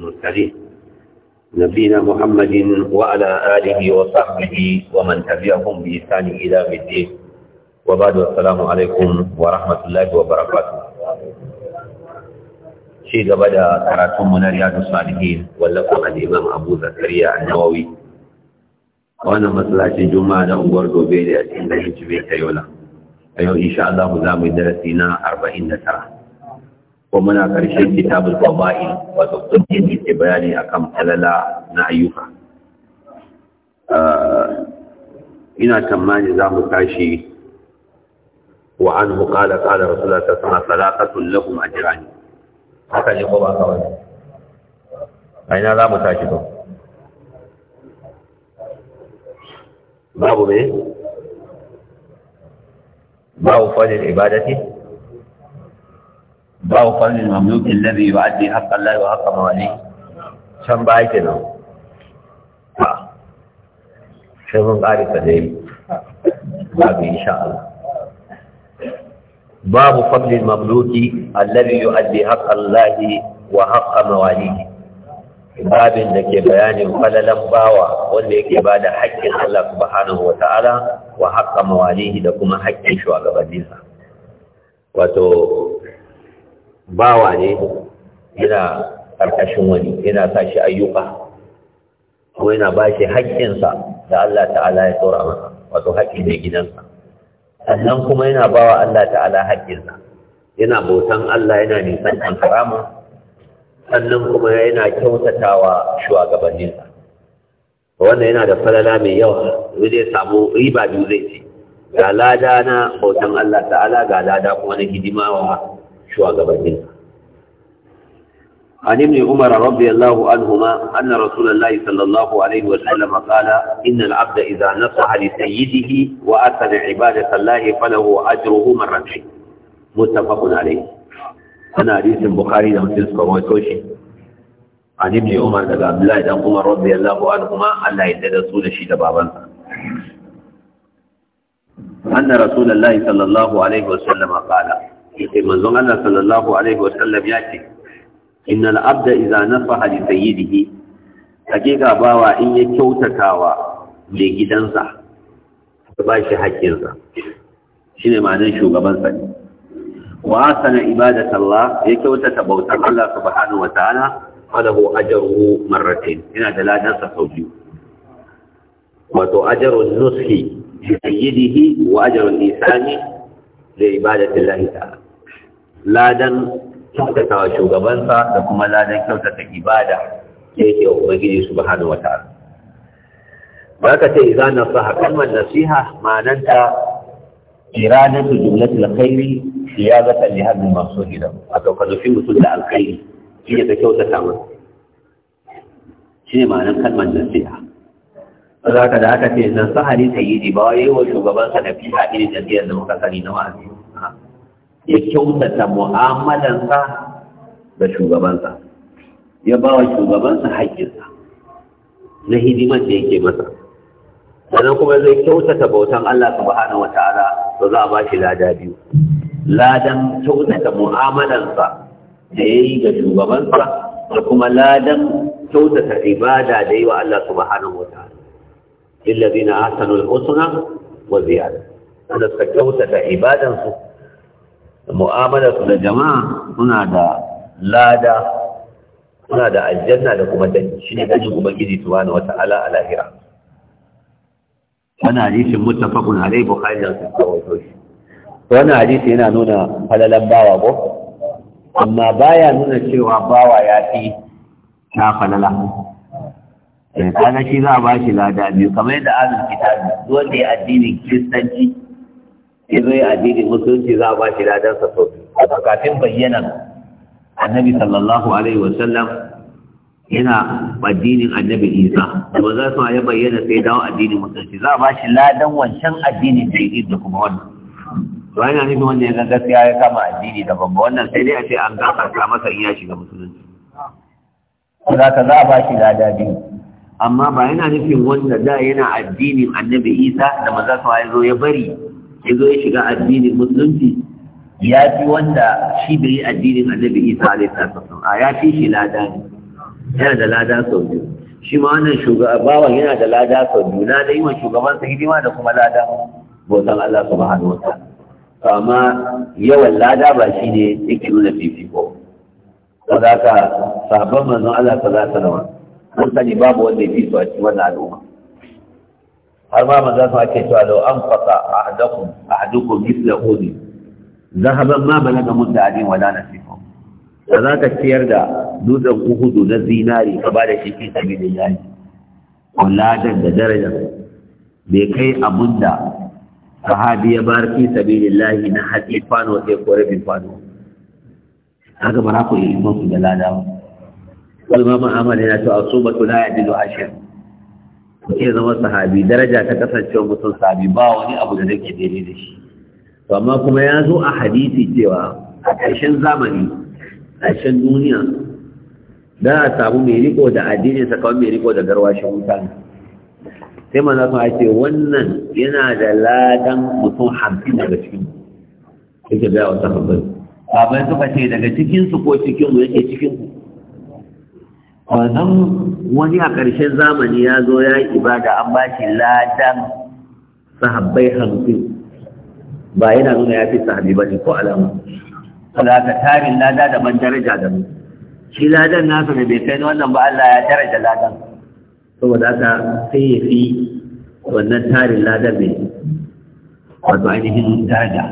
المرسلين نبينا محمد وعلى آله وصحبه ومن تبعهم بإحسان إلى الدين وبعد السلام عليكم ورحمة الله وبركاته ci gaba da karatun mu na riyadu salihin wallafin al'imam abu zakariya a nawawi wannan masallacin juma'a na unguwar gobe da a cikin da hijibe ta yola a yau insha za mu darasi na arba'in da tara. ko muna ƙarshen kitabul fada'il wato kundin da ke bayani akan falala na ayyuka eh, ina tamani za mu tashi wa anhu qala qala rasulullah sallallahu alaihi wasallam salatun a jirani. haka ne ko ba A ina za mu tashi to babu ne? babu fadil ibadati babu farmin mamlukin labi wa addi haƙƙa Allah wa haƙƙa mawani can ba yake nan ba sai mun ƙari ka dai babu insha Allah babu farmin mamluki allabi wa addi haƙƙa Allah wa haƙƙa mawani babin da ke bayanin falalan bawa wanda yake ba da haƙƙin Allah subhanahu wa ta'ala wa haƙƙa mawalihi da kuma haƙƙin shugabanninsa wato bawa ne yana ƙarƙashin wani yana sa shi ayyuka ko yana ba shi haƙƙinsa da Allah ta'ala ya tsora masa wato haƙƙi mai gidansa sannan kuma yana bawa Allah ta'ala haƙƙinsa yana bautan Allah yana nisan kan harama sannan kuma yana kyautatawa shugabanninsa wannan yana da falala mai yawa zai samu riba biyu zai ce ga lada na bautan Allah ta'ala ga lada kuma na hidima wa shugabannin عن ابن عمر رضي الله عنهما أن رسول الله صلى الله عليه وسلم قال إن العبد إذا نصح لسيده وأثن عبادة الله فله أجره مرتين متفق عليه أنا حديث البخاري لم تذكر ويتوشي عن ابن عمر لقى عبد الله بن عمر رضي الله عنهما أن لا يدد رسول الشيء بابا أن رسول الله صلى الله عليه وسلم قال yace manzon Allah sallallahu alaihi wasallam ya ce innal abda idza nafaha li sayyidihi hakika bawa in ya kyautatawa mai gidansa ka ba shi haƙƙinsa shine ma'anar shugaban sa wa asana Allah ya kyautata bautar Allah subhanahu wa ta'ala falahu ajruhu marratayn yana da ladansa sau biyu wato ajrun nushi li sayyidihi wa ajrun isani li ibadati Allah ta'ala ladan kyautata wa shugabansa da kuma ladan kyautata ibada ke ke wa ubangiji subhanahu wataala ba ka ce idan nasaha kalmar nasiha ma'ananta iradatu jumlatul khairi siyazatan ne hadhihi maqsudi da wato ka nufi mutum da alkhairi shi ne ka kyautata ma. shi ne ma'anar kalmar nasiha za ka da aka ce nan sahari ne yi ba wai wa shugabansa da a irin da da muka sani na wa'azi ya kyautata mu'amalansa da shugabansa ya ba wa shugabansa haƙƙinsa na hidimar da yake masa sannan kuma zai kyautata bautan Allah subhanahu wata'ala to za a ba shi lada biyu ladan kyautata mu'amalansa da ya yi ga shugabansa da kuma ladan kyautata ibada da yi wa Allah subhanahu wata'ala zina ahsanul husna wa ziyada wanda suka kyautata ibadansu mu'amala su da jama'a suna da lada suna da aljanna da kuma da shi ne gajin ubangiji wata ala a lahira wannan hadisin muttafaqun alai bukhari da sun kawo shi Wani hadisi yana nuna falalan bawa ko amma baya nuna cewa bawa ya fi ta falala Mai eh, kana shi za a ba shi lada biyu kamar yadda azumin kitabi wanda ya addinin kiristanci ya zo ya addinin musulunci za a ba shi ladan sa sau biyu kafin bayyana annabi sallallahu alaihi wasallam yana addinin annabi isa da ba za su ya bayyana sai dawo addinin musulunci za a ba shi ladan wancan addinin da ya da kuma wannan to yana nufin wanda ya ga gaskiya ya kama addini daban babba wannan sai dai a ce an gafarta masa in ya shiga musulunci za ka za a ba shi lada biyu amma ba yana nufin wanda da yana addinin annabi isa da maza su ya zo ya bari ya zo ya shiga addinin musulunci ya fi wanda shi bai yi addinin annabi isa alaihi salatu a ya fi shi lada ne yana da lada sau biyu shi ma wannan shugabawan yana da lada sau biyu na da yi wa shugaban sa hidima da kuma lada bautan Allah subhanahu wa ta'ala amma yawan lada ba shi ne yake nuna fifiko za ka sahabban manzon Allah sallallahu alaihi wasallam mun sani babu wanda ya fi su a cikin wannan al'umma har ma manzo sa ake cewa law an fata ahadakum ahadukum mithla uhud zahaban ma balaga mutadin wala nasifu da za ka ciyar da dutsen uhudu na zinari ka ba da shi fi sabilillahi Kuladan da darajar bai kai abun da sahabi ya bar fi sabilillahi na hatsi kwano sai ko rabin kwano haka ba na ku yi imanku da lada ba kalma ma'amala yana cewa su ba ya la yadilu ashir mutum iya zama sahabi daraja ta kasancewa mutum sahabi ba wani abu da nake daidai da shi to amma kuma ya zo a hadisi cewa a ƙarshen zamani a ƙarshen duniya da a samu mai riko da addini kawai mai riko da garwashin wuta sai manzo ta ce wannan yana da ladan mutum hamsin daga cikin yake ga wata habbai sabai suka ce daga cikin su ko cikin mu yake cikin ku wannan wani a ƙarshen zamani ya zo ya yi ibada an ba shi ladan sahabbai hamsin ba yana nuna ya fi sahabi ba ne ko alama saboda ka tarin lada da man daraja da mu shi ladan nasu da bai kai ni wannan ba Allah ya daraja ladan saboda haka sai ya fi wannan tarin ladan ne wato ainihin daraja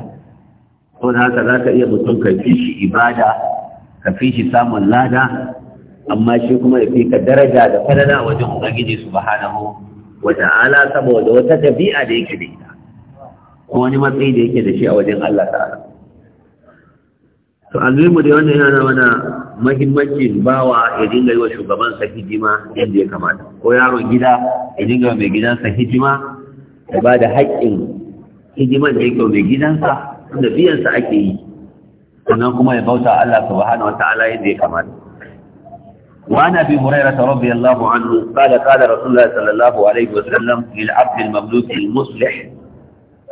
saboda haka za ka iya mutum ka fi shi ibada ka fi shi samun lada amma shi kuma ya fi ka daraja da fadada wajen ubangiji subhanahu wa ta'ala saboda wata dabi'a da yake da ita ko wani matsayi da yake da shi a wajen Allah ta'ala to alimu da wannan yana mana mahimmancin bawa ya dinga yi wa shugaban sa hijima yadda ya kamata ko yaro gida ya dinga mai gidansa hijima ya ba da haƙƙin hijiman da yake mai gidansa da biyansa ake yi sannan kuma ya bauta Allah subhanahu wa ta'ala yadda ya kamata وعن ابي هريره رضي الله عنه قال قال رسول الله صلى الله عليه وسلم للعبد المملوك المصلح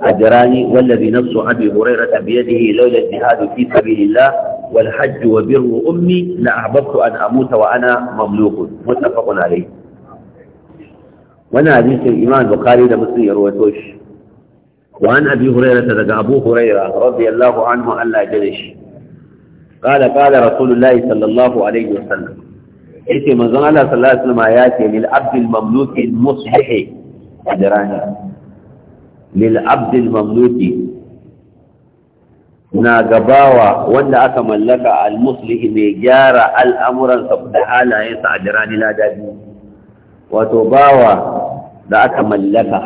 اجران والذي نفس ابي هريره بيده لولا الجهاد في سبيل الله والحج وبر امي لاحببت ان اموت وانا مملوك متفق عليه وانا حديث الامام البخاري ده مسلم يرويته وعن ابي هريره ده ابو هريره رضي الله عنه الا جلش قال قال رسول الله صلى الله عليه وسلم yace manzon Allah sallallahu alaihi wasallam ya ce lil abdil mamluki al muslih ajrani lil abdil mamluki na gabawa wanda aka mallaka al muslih mai gyara al'amuran sa da halayensa ajrani ladabi wato bawa da aka mallaka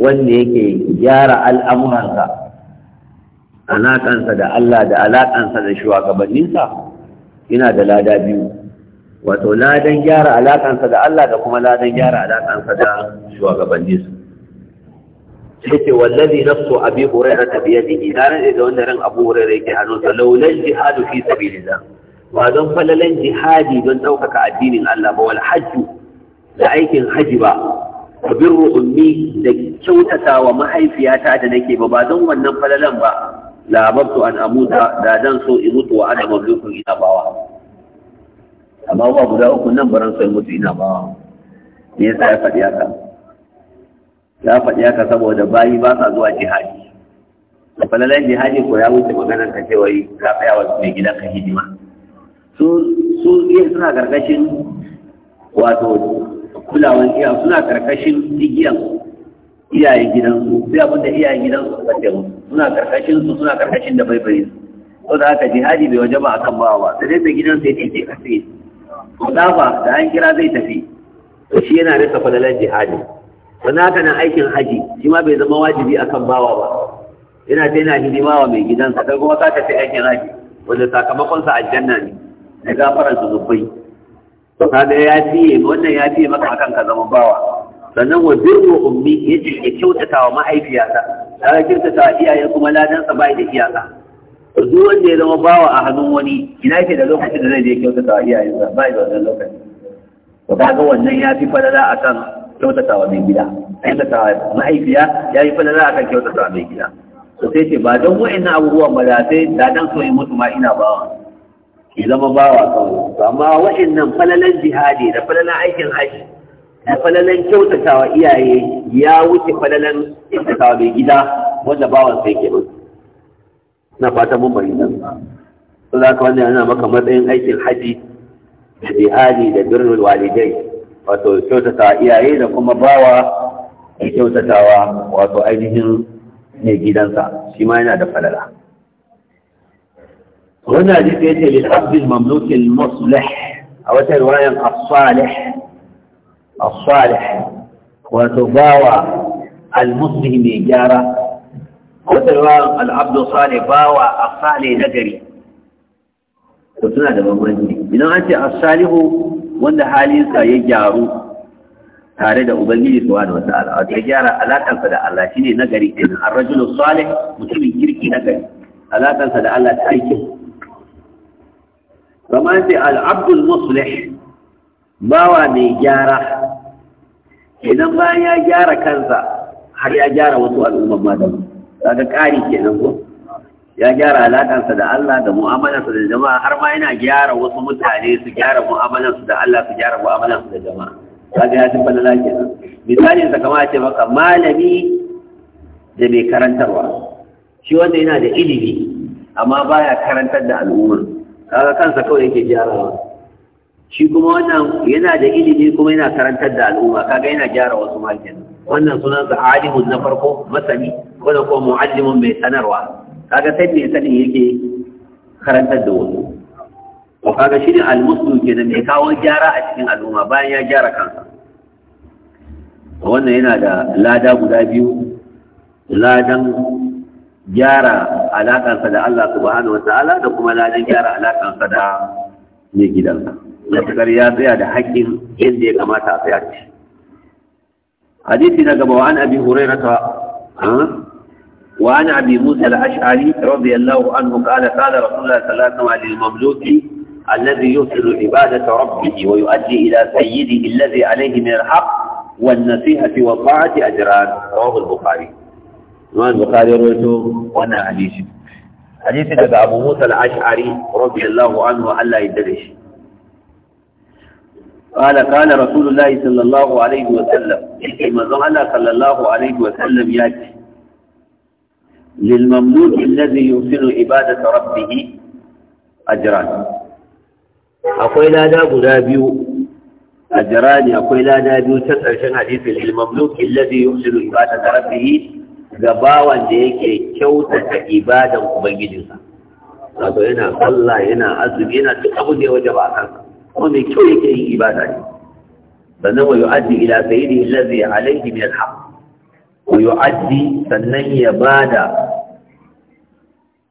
wanda yake gyara al'amuransa alaƙansa da Allah da alaƙansa da shugabanninsa yana da lada biyu wato ladan gyara alakansa da Allah da kuma ladan gyara alakansa da shugabanni su yake wallazi nafsu abi hurairah biyadihi na rade da wanda ran abu hurairah yake hannu sa laulan jihadu fi sabilillah ba don falalan jihadi don daukaka addinin Allah ba wal hajju da aikin haji ba wa birru ummi da kyautata wa mahaifiyata da nake ba ba don wannan falalan ba labartu an amuta da dan so in mutu wa ana mamlukun ina bawa amma ba guda uku nan baran sai mutu ina ba me yasa ya faɗi haka ya faɗi haka saboda bayi ba sa zuwa jihadi da falalan jihadi ko ya wuce maganar ka ce wai ka tsaya wa mai gidan ka hidima su su iya suna karkashin wato kulawan iya suna karkashin igiyan iyayen gidansu sai abinda iyayen gidansu suka ce suna karkashin su suna karkashin da bai su saboda haka jihadi bai waje ba akan bawa sai dai mai gidansu ya ce ka sai Kudafa da an kira zai tafi to shi yana rasa falalan jihadi Wani haka nan aikin haji shi ma bai zama wajibi akan bawa ba yana ta yana hidima wa mai gidansa kai kuma ka tafi aikin haji wanda sakamakon sa aljanna ne da gafaran su zubai to da ya fiye wannan ya fiye maka akan ka zama bawa sannan wa birru ummi ya kyautata wa mahaifiyata Ta kyautata iyayen kuma ladansa sa bai da iyaka duk wanda ya zama bawa a hannun wani ina yake da lokacin da zai je kyautata wa iyayensa ba da wannan lokaci to kaga wannan ya fi falala akan kyautata wa mai gida kyautata wa mahaifiya ya yi falala akan kyautata wa mai gida to sai ce ba don wa'annan abubuwan ba da sai da dan so yi mutu ma ina bawa ki zama bawa kawai to amma wa'annan falalan jihadi da falalan aikin haji da falalan kyautatawa iyaye ya wuce falalan kyautatawa mai gida wanda bawan sai ke mutu na fata mun bari nan za ka wannan yana maka matsayin aikin haji da jihadi da birnin walidai wato kyautata iyaye da kuma bawa da kyautatawa wato ainihin mai gidansa shi ma yana da falala wannan hadisi yake lil abdil mamlukin muslih a wata riwayan as-salih as-salih wato bawa al-muslih mai gyara wata ruwan al'abdu sale wa a sale na gari to suna da bambanci idan an ce Salihu wanda halinsa ya gyaru tare da ubangiji da wasu al'adu ya gyara alakansa da Allah shi ne na gari kenan an rajulu sale, mutumin kirki na gari alakansa da Allah ta aiki kamar an ce al bawa mai gyara idan bayan ya gyara kansa har ya gyara wasu al'umman ma kaga ƙari kenan ko ya gyara alaƙarsa da Allah da mu'amalarsa da jama'a har ma yana gyara wasu mutane su gyara mu'amalarsu da Allah su gyara mu'amalarsu da jama'a kaga ya tabbata ke nan misalin sa kamar ce maka malami da mai karantarwa shi wanda yana da ilimi amma baya karantar da al'umma kaga kansa kawai yake gyarawa shi kuma wannan yana da ilimi kuma yana karantar da al'umma kaga yana gyara wasu ma kenan wannan sunan sa alimun na farko masani wanda ko mu'allimun mai sanarwa kaga sai mai sanin yake karantar da wani ko kaga shi ne ke da mai kawo gyara a cikin al'umma bayan ya gyara kansa wannan yana da lada guda biyu ladan gyara alakansa da Allah subhanahu wataala da kuma ladan gyara alakansa da mai gidansa matakar ya tsaya da haƙƙin yadda ya kamata a tsaya Hadithi hadisi na gaba wa an abi hurairata وعن أبي موسى الأشعري رضي الله عنه قال قال رسول الله صلى الله عليه وسلم للمملوك الذي يرسل عبادة ربه ويؤدي إلى سيده الذي عليه من الحق والنصيحة والطاعة أجران رواه البخاري الإمام البخاري رويته وأنا حديث حديث أبو موسى الأشعري رضي الله عنه ألا يدرش قال قال رسول الله صلى الله عليه وسلم إن قال صلى الله عليه وسلم يأتي للمملوك الذي يوصل عبادة ربه أجران أقول لا دا قدابيو أجران أقول لا دا بيو تسأل حديث للمملوك الذي يوصل عبادة ربه gabawan da yake kyautata ibadan ubangijinsa wato yana sallah yana azumi yana duk abu da kuma mai kyau yake yin ibada ne sannan wa yu'addi ila sayyidihi allazi alayhi wa yu'addi sannan ya bada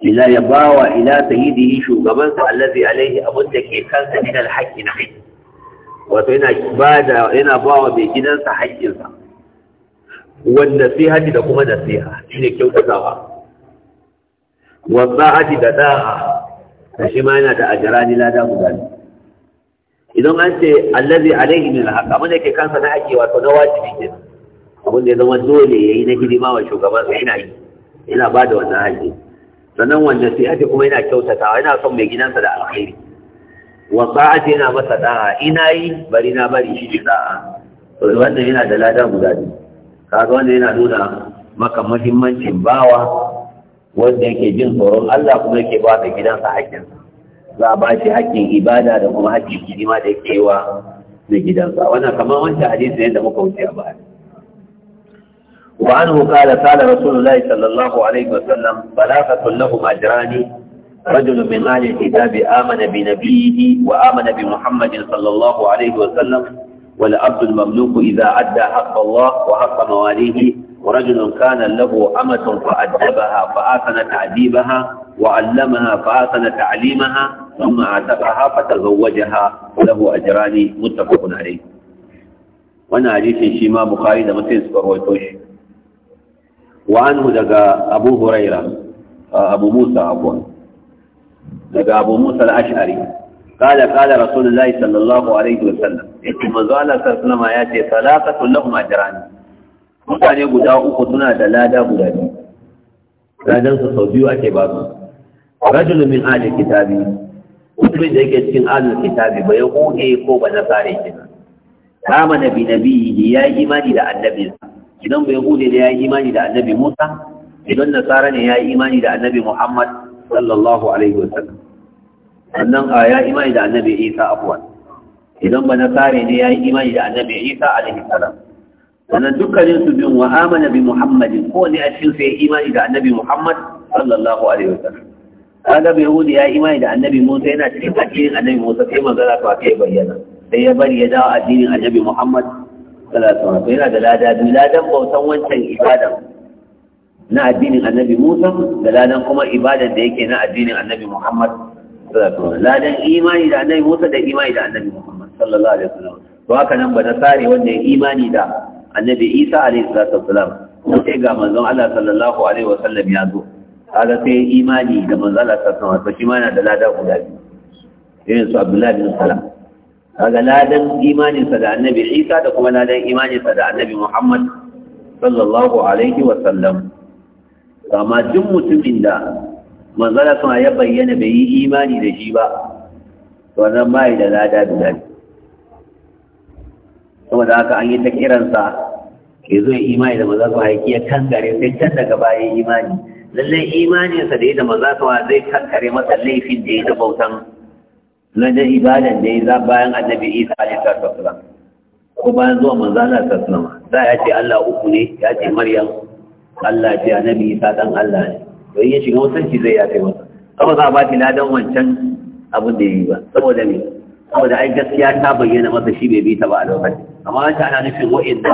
ila ya bawa ila sayyidihi shugaban sa allazi alaihi abun da ke kansa min alhaqi na haƙƙi wato yana bada yana bawa mai gidansa haƙƙinsa wanda sai da kuma nasiha shine kyautatawa wa sa'ati da da'a da shi ma yana da ajrani lada guda idan an ce allazi alaihi min alhaqi abun da ke kansa na haƙƙi wato na wajibi kenan abin da ya zama dole ya yi na hidima wa shugaban sa yana yi yana ba da wannan haƙƙi sannan wanda sai ake kuma yana kyautatawa yana son mai gidansa da alkhairi wa sa'ati yana masa da'a ina yi bari na bari shi ne da'a to wannan yana da lada guda biyu kaga wanda yana nuna maka muhimmancin bawa wanda yake jin tsoron Allah kuma yake ba da gidansa haƙƙinsa za a ba shi haƙƙin ibada da kuma haƙƙin hidima da yake yi wa da gidansa wannan kamar wancan hadisi ne da muka wuce a baya وعنه قال قال رسول الله صلى الله عليه وسلم بلاغة لهم أجران رجل من أهل الكتاب آمن بنبيه وآمن بمحمد صلى الله عليه وسلم والعبد المملوك إذا أدى حق الله وحق مواليه ورجل كان له أمة فأدبها فآثن تعذيبها وعلمها فآثن تعليمها ثم عتقها فتزوجها له أجران متفق عليه وانا حديث شيما بخاري ده متين سكر ويتوش وعنه anhu daga هريرة أبو موسى musa daga abu musa قال kada kada الله sallallahu alaihi عليه وسلم manzo Allah sallallahu alaihi wasallam ya ce mutane guda uku suna da lada guda biyu ladan su sau biyu ake ba su rajulun min ahli kitabi mutumin da yake cikin ahli kitabi ba ya hude ko ba kina. kama na biyu ya yi imani da annabinsa idan bai hude ne ya yi imani da annabi musa idan nasara ne ya yi imani da annabi muhammad sallallahu alaihi wasallam sannan a ya imani da annabi isa afuwan idan ba Nasara ne ya yi imani da annabi isa alaihi salam sannan dukkanin su bin wa amana bi muhammadin ko ne a cikin su ya imani da annabi muhammad sallallahu alaihi wasallam kaga bai hudu ya yi imani da annabi musa yana cikin addinin annabi musa sai magana ta kai bayyana sai ya bari ya dawo addinin annabi muhammad sallallahu alaihi yana da lada biyu ladan bautan wancan ibadan na addinin annabi Musa da ladan kuma ibadan da yake na addinin annabi Muhammad sallallahu alaihi ladan imani da annabi Musa da imani da annabi Muhammad sallallahu alaihi wasallam to haka nan ba nasari wanda ya imani da annabi Isa alaihi salatu wasallam sai ga manzon Allah sallallahu alaihi wasallam ya zo kaga sai imani da manzon Allah sallallahu alaihi wasallam shi yana da lada guda biyu su Abdullahi kaga ladan imaninsa da annabi isa da kuma ladan imaninsa da annabi muhammad sallallahu alaihi wa sallam. amma duk mutumin da manzala suna ya bayyana bai yi imani da shi ba nan bai da lada guda Kuma da aka an yi ta kiransa ke zo ya imani da manzala suna ya kan gare sai can daga baya imani lallai imaninsa da ya da maza suna zai kankare masa laifin da ya da bautan ladan ibadan da ya za bayan annabi isa alaihi wasallam ko bayan zuwa manzana sallama da ya ce Allah uku ne ya ce maryam Allah ce annabi isa dan Allah ne to in ya wannan ci zai ya kai masa kuma za a ba ki dan wancan abin da ya yi ba saboda me saboda ai gaskiya ta bayyana masa shi bai bi ta ba a lokaci. amma wancan ana nufin wa'inda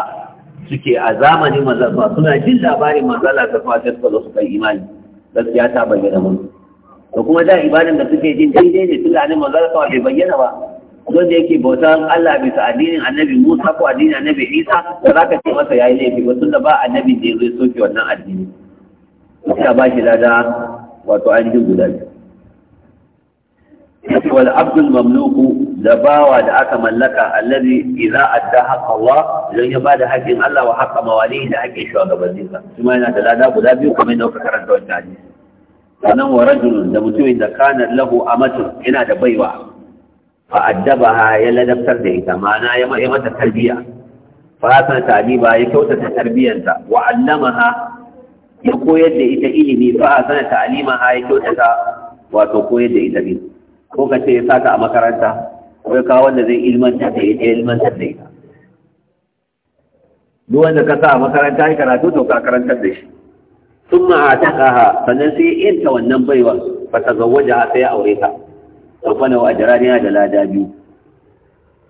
suke a zamanin manzana suna jin labarin manzana ta fata suka yi imani gaskiya ta bayyana masa. da kuma da ibadan da suke jin daidai ne tun da annabi manzo Allah bai bayyana ba don da yake bautan Allah bisa addinin annabi Musa ko addinin annabi Isa da zaka ce masa yayi laifi ba tun da ba annabi da zai soke wannan addini ya ba shi lada wato ainihin guda biyu wal abdul mamluku da bawa da aka mallaka allazi idza adda haqqa Allah idan ya bada haƙin Allah wa haqqa mawali da haƙin shugabanninsa kuma yana da lada guda biyu kuma yadda kuka karanta wannan hadisi sanan wa rajulun da mutumin da kana lahu amatun yana da baiwa fa addabaha ya ladabtar da ita ma'ana ya mata tarbiya fa hasan ba ya kyautata tarbiyanta wa allamaha ya koyar da ita ilimi fa hasan ha ya kyautata wato koyar da ita ilimi ko ka ce ya saka a makaranta ko ya kawo wanda zai ilmantar da ita ilmantar da ita duk wanda ka sa a makaranta ya karatu to ka karantar da shi sun ma'ata kaha sannan sai yin wannan baiwa fa ta zawaja sai ya aure ta ta kwana wa jirani da lada biyu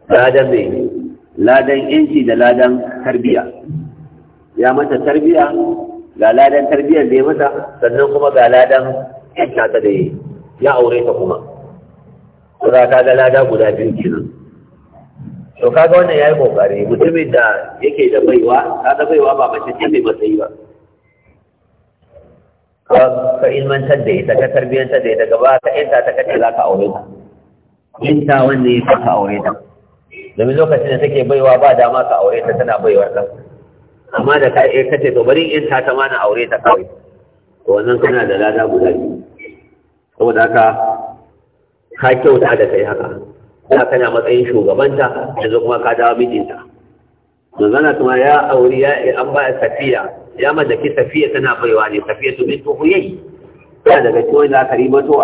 ladan ne, ladan yanci da ladan tarbiya ya mata tarbiya ga ladan tarbiyar ne mata sannan kuma ga ladan yanka ta da ya aure ta kuma kuma ka ga lada guda biyu kenan to kaga wannan yayi kokari mutumin da yake da baiwa ka da baiwa ba mace ce mai matsayi ba ka ilmantar da ita ka tarbiyyantar da ita gaba ka yanta ta kace za ka aure ta yanta wanda ya ka aure ta domin lokacin da take baiwa ba dama ka aure ta tana baiwa ta amma da ka yi eh, kace to bari in ta ma na aure ta kawai to wannan kana da lada guda biyu saboda haka ka kyauta da kai haka da kana matsayin shugabanta yanzu kuma ka dawo mijinta manzana kuma ya aure ya an ba safiya ya mallaki safiya tana baiwa ne safiya to bin tuhuyai da daga cikin lakari mato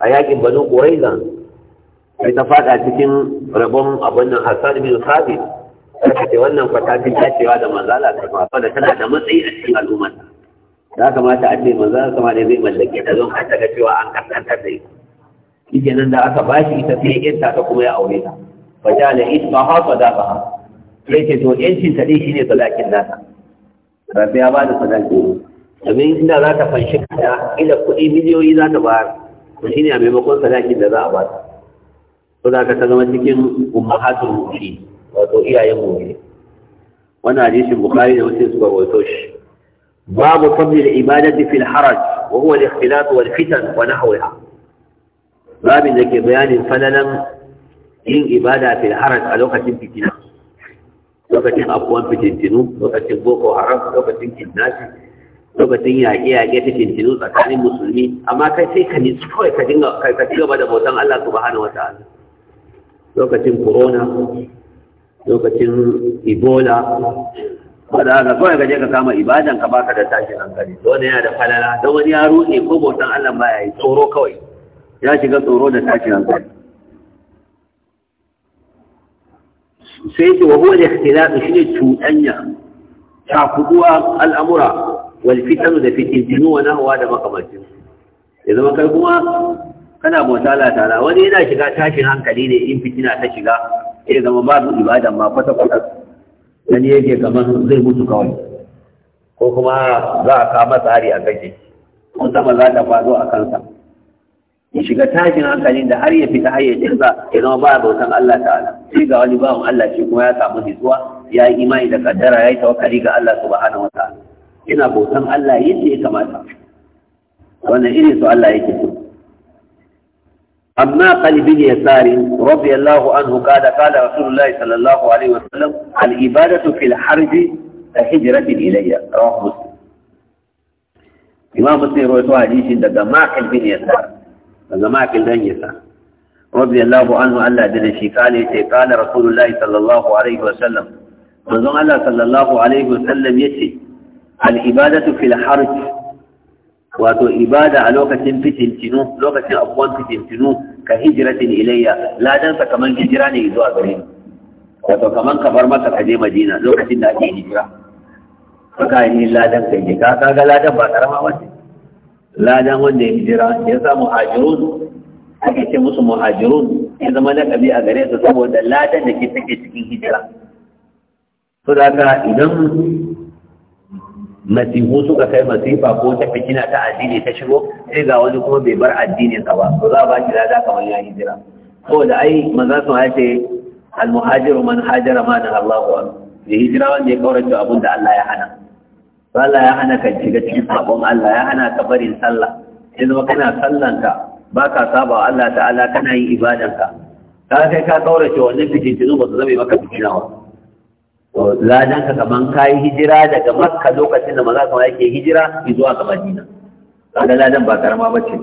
a yakin banu quraiza sai ta fada cikin rabon abin nan hasan bin sabit ta wannan kwata ta cewa da manzala ta kuma da tana da matsayi a cikin al'umma ya kamata a ce manzala kuma ne zai mallake ta don har ta cewa an kaskantar da ita shi da aka bashi ita sai yanta ta kuma ya aure ta fa jala isma da ba. sai ce to yancin ta dai shine sadakin nata ba sai ya ba da sadaki ne domin inda za ta fanshi kanta ila kuɗi miliyoyi za ta bayar to shine a maimakon sadakin da za a ba ta ko za ka ta zama cikin ummahatul mu'minin wato iyayen mu'mini wannan hadisin bukhari da muslim suka rawaito shi babu fadl ibadati fil haraj wa huwa al-ikhtilat wal fitan wa nahwaha babin da ke bayanin falalan yin ibada fil haraj a lokacin fitina lokacin abuwan fitintinu lokacin boko haram lokacin kidnashi lokacin yaƙe-yaƙe fitintinu tsakanin musulmi amma kai sai ka nisu kawai ka dinga ka ci gaba da bautan Allah subhanahu wa ta'ala lokacin corona lokacin ebola da haka kawai je ka kama ibadan ka baka da tashin hankali to wani yana da falala don wani ya ruɗe ko bautan Allah ba ya yi tsoro kawai ya shiga tsoro da tashin hankali sai ce wa huwa shi shine cudanya ta kuduwa al'amura wal fitanu da fitinu wa nahwa da makamancin ya zama kai kuma kana bauta tara wani yana shiga tashin hankali ne in fitina ta shiga ya zama babu ibada ma kwata kwata dan yake kamar zai mutu kawai ko kuma za a kama tsari a gaje ko ba za ta faɗo a kansa ya shiga tashin hankalin da har ya fita hayyacinsa ya zama ba bautan Allah ta'ala shi ga wani bawan Allah shi kuma ya samu nutsuwa ya yi imani da kaddara ya yi tawakkali ga Allah subhanahu wa ta'ala yana bautan Allah yadda ya kamata wannan irin su Allah yake so amma qalbin yasari radiyallahu anhu kada kada rasulullahi sallallahu alaihi wa sallam, al ibadatu fil harbi da hijratin ilayya rawahu muslim imam muslim rawaito hadisin daga maqal bin yasar zama a kildan yasa rabbi allahu anhu allah da shi kale yace kana rasulullahi sallallahu alaihi wasallam manzon allah sallallahu alaihi wasallam yace al ibadatu fil harj wato ibada a lokacin fitintinu lokacin abubuwan fitintinu ka hijiratin ilayya ladansa kaman hijira ne zuwa gare ni wato kaman ka bar maka ka je madina lokacin da ake hijira ka yi ladan kai ka ga ladan ba karama wace ladan wanda ya hijira ya sa muhajirun ake ce musu muhajirun ya zama lakabi a gare su saboda ladan da ke take cikin hijira to da ka idan masihu suka kai masifa ko ta kina ta addini ta shigo sai ga wani kuma bai bar addinin sa ba to za a ba shi lada kamar ya hijira saboda ai maza su haife al-muhajiru man hajara ma na Allahu an ya hijira wanda ya kaurace abin da Allah ya hana Allah ya hana ka shiga cikin sabon Allah ya hana ka barin sallah sai zama kana sallan sallanka baka saba Allah ta'ala kana yin ibadanka ka ka kai ka kaurace wannan fitintinu ba su zama maka fitina ba ladan ka kaman kai hijira daga makka lokacin da maza kama yake hijira zuwa ga madina kaga ladan ba karama bace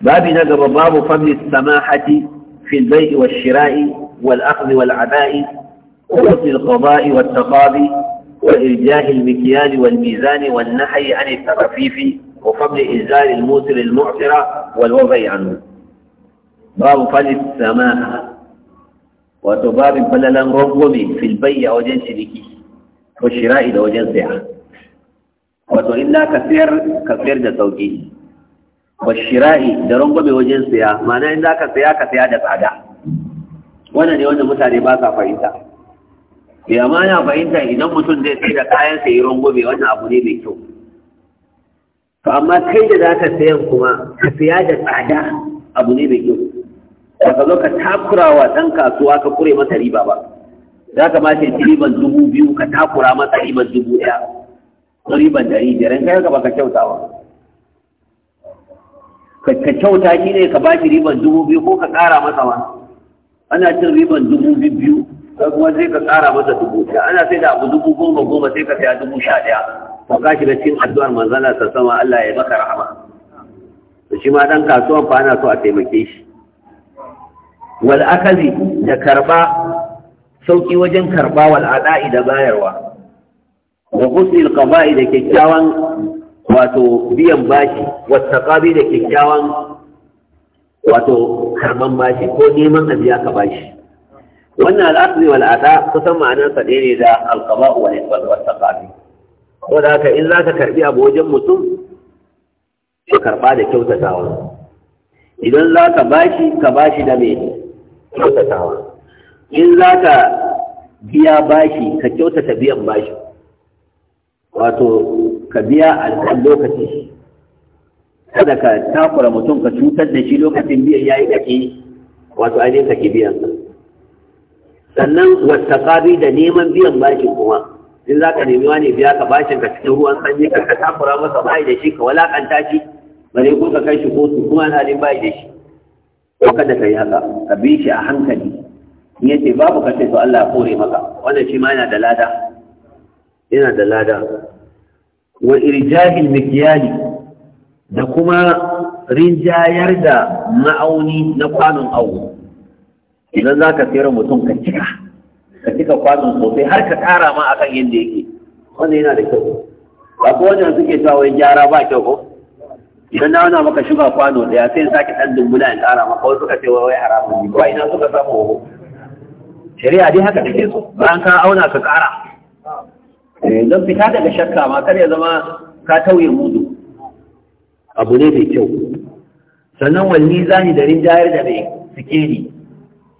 babi na gaba babu fadli samahati fi al-bay' wa shira'i wal akhdh wal 'ada'i wa fi al-qada'i wat taqadi وإرجاء المكيال والميزان والنحي عن الترفيف وفضل إزال الموسر المعسرة والوضع عنه باب فضل السماء وتباب بللا رغم في البيع وجن شركي والشراء إلى وجن سعة وإلا كثير كثير ده والشراء ده وجنسها وجن سعة معناه إن ذاك وانا دي وانا متعني باسا bai amma ya fahimta idan mutum zai sai da kayan sayi mai wannan abu ne mai kyau to amma kai da za ka sayan kuma ka siya da tsada abu ne mai kyau da ka zo ka takura wa ɗan kasuwa ka kure masa riba ba za ka mace riban dubu biyu ka takura masa riban dubu ɗaya riban ɗari biyar in kai ka baka kyauta ba ka kyauta shi ne ka ba shi riban dubu biyu ko ka ƙara masa wa? ana cin riban dubu biyu ka kuma sai ka tsara masa dubu ɗaya ana sai da abu dubu goma goma sai ka saya dubu sha ɗaya to ka shiga cikin addu'ar manzana ta sama Allah ya maka rahama to shi ma dan kasuwan fa ana so a taimake shi wal akazi da karba sauki wajen karba wal ada'i da bayarwa wa husnul qada'i da kyakkyawan wato biyan bashi taqabi da kyakkyawan wato karban bashi ko neman abiya ka bashi wannan al'asli ne ata kusan ma'anar sa ne da alqaba wal isbal wal taqabi ko da haka in za ka karbi abu wajen mutum ka karba da kyautatawa idan za ka bashi ka bashi da mai kyautatawa in za ka biya bashi ka kyautata biyan bashi wato ka biya alƙal lokaci kada ka takura mutum ka cutar da shi lokacin biyan ya yi ɗaki, wato ainihin ke biyan sa sannan wata kabi da neman biyan bashin kuma in za ka nemi wani biya ka bashin ka cikin ruwan sanyi ka takura masa bai da shi ka walakanta shi bare ko ka kai shi kotu kuma halin bai da shi ko kada ka yi haka ka bi shi a hankali in yace babu ka ce to Allah ya kore maka wannan shi ma yana da lada yana da lada wa irjahil mikyali da kuma rinjayar da ma'auni na kwanon awo idan za ka sayar mutum ka cika ka cika kwanon sosai har ka kara ma akan yadda yake wannan yana da kyau ba ko wajen suke cewa wai gyara ba kyau ko idan na wana maka shuga kwano daya sai sake ɗan dumbula in kara maka wasu suka ce wai haramun ne ba ina suka samu ko? shari'a dai haka take so bayan ka auna ka ƙara eh, don fita daga shakka ma kar ya zama ka tauye mudu abu ne mai kyau sannan wani zani da rinjayar da mai sikeri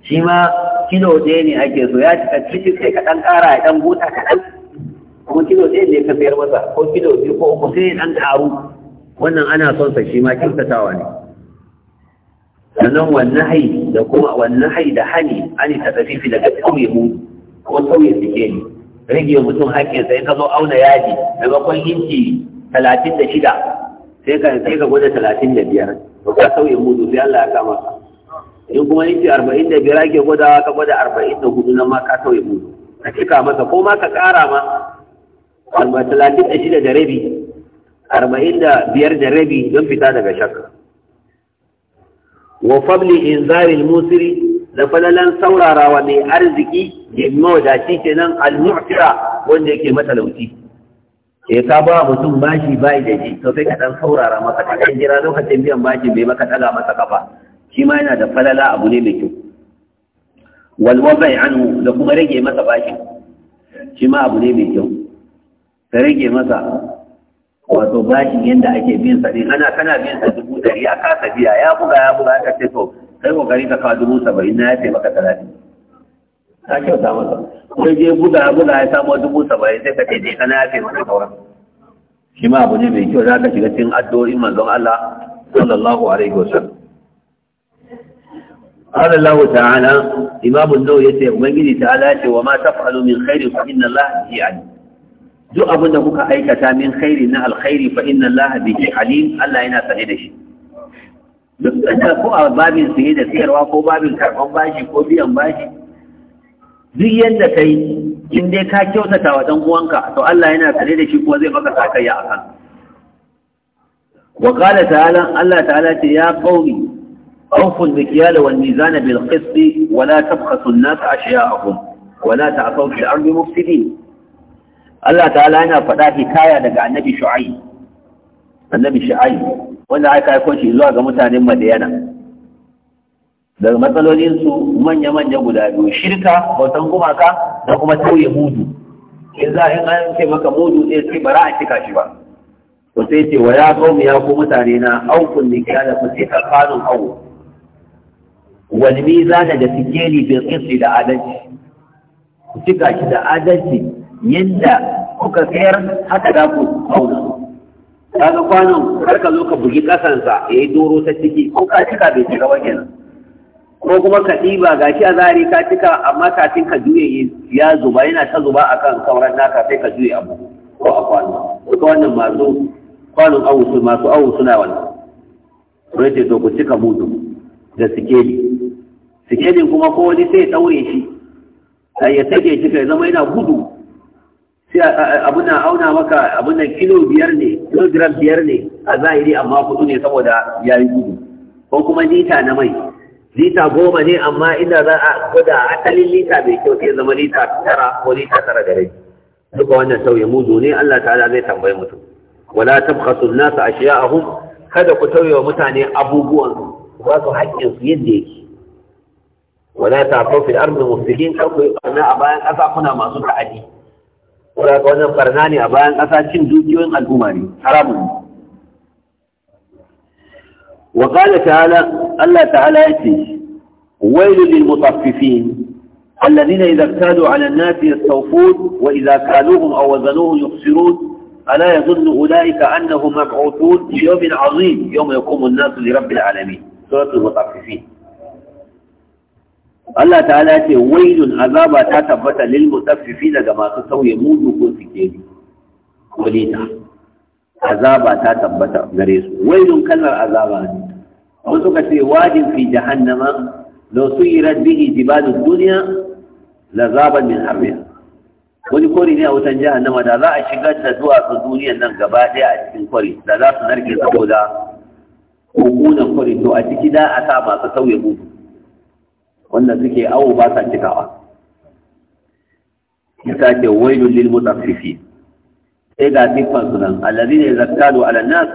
shi ma kilo ɗaya ne ake so ya cika cikin sai ka ɗan ƙara ya ɗan buta kaɗan kuma kilo ɗaya ne ka sayar masa ko kilo biyu ko uku sai ɗan ƙaru wannan ana son sa shi ma kyautatawa ne sannan wannan hai da kuma wannan hai da hani ani ta tafifi daga sauye mu ko ƙauye suke ne rage mutum haƙƙinsa in ka zo auna yaji bakwai inci talatin da shida sai ka sai ka gwada talatin da biyar ba ka sauye mu sai Allah ya kama ka in kuma yake arba'in da biyar ake gwadawa ka gwada arba'in da hudu nan ma ka kawai mudu ka cika masa ko ma ka ƙara ma arba talatin da shida da rabi arba'in da biyar da rabi don fita daga shakka wa fabli in Zari musiri da falalan saurarawa mai arziki ya yi mawadaci ke nan al-mu'tira wanda yake matalauci ke ka ba mutum bashi bai da shi to sai ka dan saurara masa ta kan jira lokacin biyan bashi bai maka daga masa kafa shi ma yana da falala abu ne mai kyau walwabai anhu da kuma rage masa bashi, shi ma abu ne mai kyau ka rage masa wato bashi yadda ake bin sa din ana kana bin sa dubu dari a kasa biya ya buga ya buga aka ce to kai kokari ka kawo dubu saba'in na ya ce maka talatin ka kyauta masa kai je buga buga ya samu dubu saba'in sai ka ce dai kana ya ce maka sauran shi ma abu ne mai kyau za ka shiga cikin addu'o'in manzon Allah sallallahu alaihi wasallam قال الله تعالى إمام النووي يتي ومجد تعالى وما تفعلوا من خير فإن الله به عليم duk abin kuka aikata min khairi na alkhairi fa inna Allah bihi alim Allah yana sane da shi duk da ko a babin saye da sayarwa ko babin karban bashi ko biyan bashi duk yanda kai in dai ka kyautata wa dan uwanka to Allah yana sane da shi kuma zai maka sakayya akan wa ta'ala Allah ta'ala ce ya qaumi أوفوا المكيال والميزان بالقسط ولا تبخسوا الناس أشياءهم ولا تعصوا في الأرض مفسدين الله تعالى أنا فدا حكاية daga annabi Shu'aib annabi Shu'aib wanda aka aiko shi zuwa ga mutanen Madiyana daga matsalolin manya manya guda biyu shirka bautan gumaka da kuma tauye mudu in za in an ce maka mudu sai sai bara a cika shi ba to sai ce ya qaumi ya ku mutane na aukun nikala ku sai kanun awu wal mizana da sikeli bil qisti da adalci ku cika shi da adalci yadda kuka tsayar haka za ku kauna ta kwanon kwanan karka zo ka bugi kasansa ya yi doro ta ciki ko ka cika bai cika ba kenan ko kuma ka ɗiba gashi a zari ka cika amma kafin ka juye ya zuba yana ta zuba a kan sauran naka sai ka juye abu ko a kwano Ko wannan masu kwanan awu masu awu suna wannan rage to ku cika mutu da sikeli sikelin kuma ko wani sai ya daure shi ya sake shi kai zama yana gudu sai abin da auna maka abin da kilo biyar ne kilogram biyar ne a zahiri amma kudu ne saboda ya yi gudu ko kuma lita na mai lita goma ne amma inda za a a asalin lita bai kyau sai zama lita tara ko lita tara da rai duka wannan tauye mudu ne Allah ta'ala zai tambayi mutum wala tabkhasu an-nasa ashiya'ahum kada ku tauye wa mutane abubuwan su ba su haƙƙin su yadda yake wala ta fi al-ardi mufsidin kar ku yi barna a bayan ƙasa kuna masu ta'adi wala ka wannan barna ne a bayan ƙasa cin dukiyoyin al'umma ne haramun ne wa qala ta'ala Allah ta'ala yace wailul lil mutaffifin alladhina idza iktalu 'ala an-nasi yastawfun wa idza kaluhum aw wazanuhum yukhsirun ألا يظن أولئك أنهم مبعوثون في يوم عظيم يوم يقوم الناس لرب العالمين سورة المطففين Allah ta'ala ce wailun azaba ta tabbata lil mutaffifi daga masu sauye mudu ko sikeli kulita azaba ta tabbata gare su wailun kallar azaba ne wasu suka ce wajin fi jahannama law suyirat bihi jibalu dunya la zaba min harriha wani kori ne a wutan jahannama da za a shigar da zuwa su duniyan nan gaba ɗaya a cikin kwari da za su narke saboda hukunan kwari to a ciki da a sa masu sauye mudu wanda suke awo ba sa cikawa yasa ce wailu lil mutaffifi sai ga siffan su nan allazina yazakkalu ala nas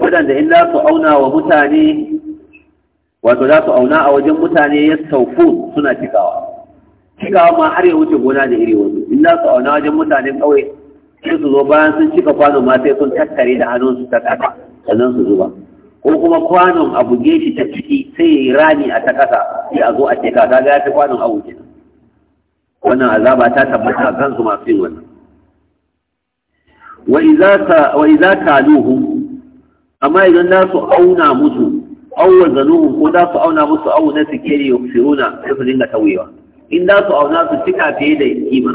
wadanda in za su auna wa mutane wato za su auna a wajen mutane ya saufu suna cikawa cikawa ma har ya wuce gona da iri wasu in za su auna wajen mutane, kauye sai su zo bayan sun cika kwano ma sai sun tattare da hannun su ta kasa sannan su zuba ko kuma kwanon a buge shi ta ciki sai ya yi rami a ta ƙasa sai a zo a ce kaga ya fi kwanon abu kenan wannan azaba ta tabbata a kansu masu yin wannan wa iza kaluhu amma idan za su auna musu auwa zanuhu ko za su auna musu auwa na sikeri yufiruna sai su dinga tauyewa in za su auna su cika fiye da kima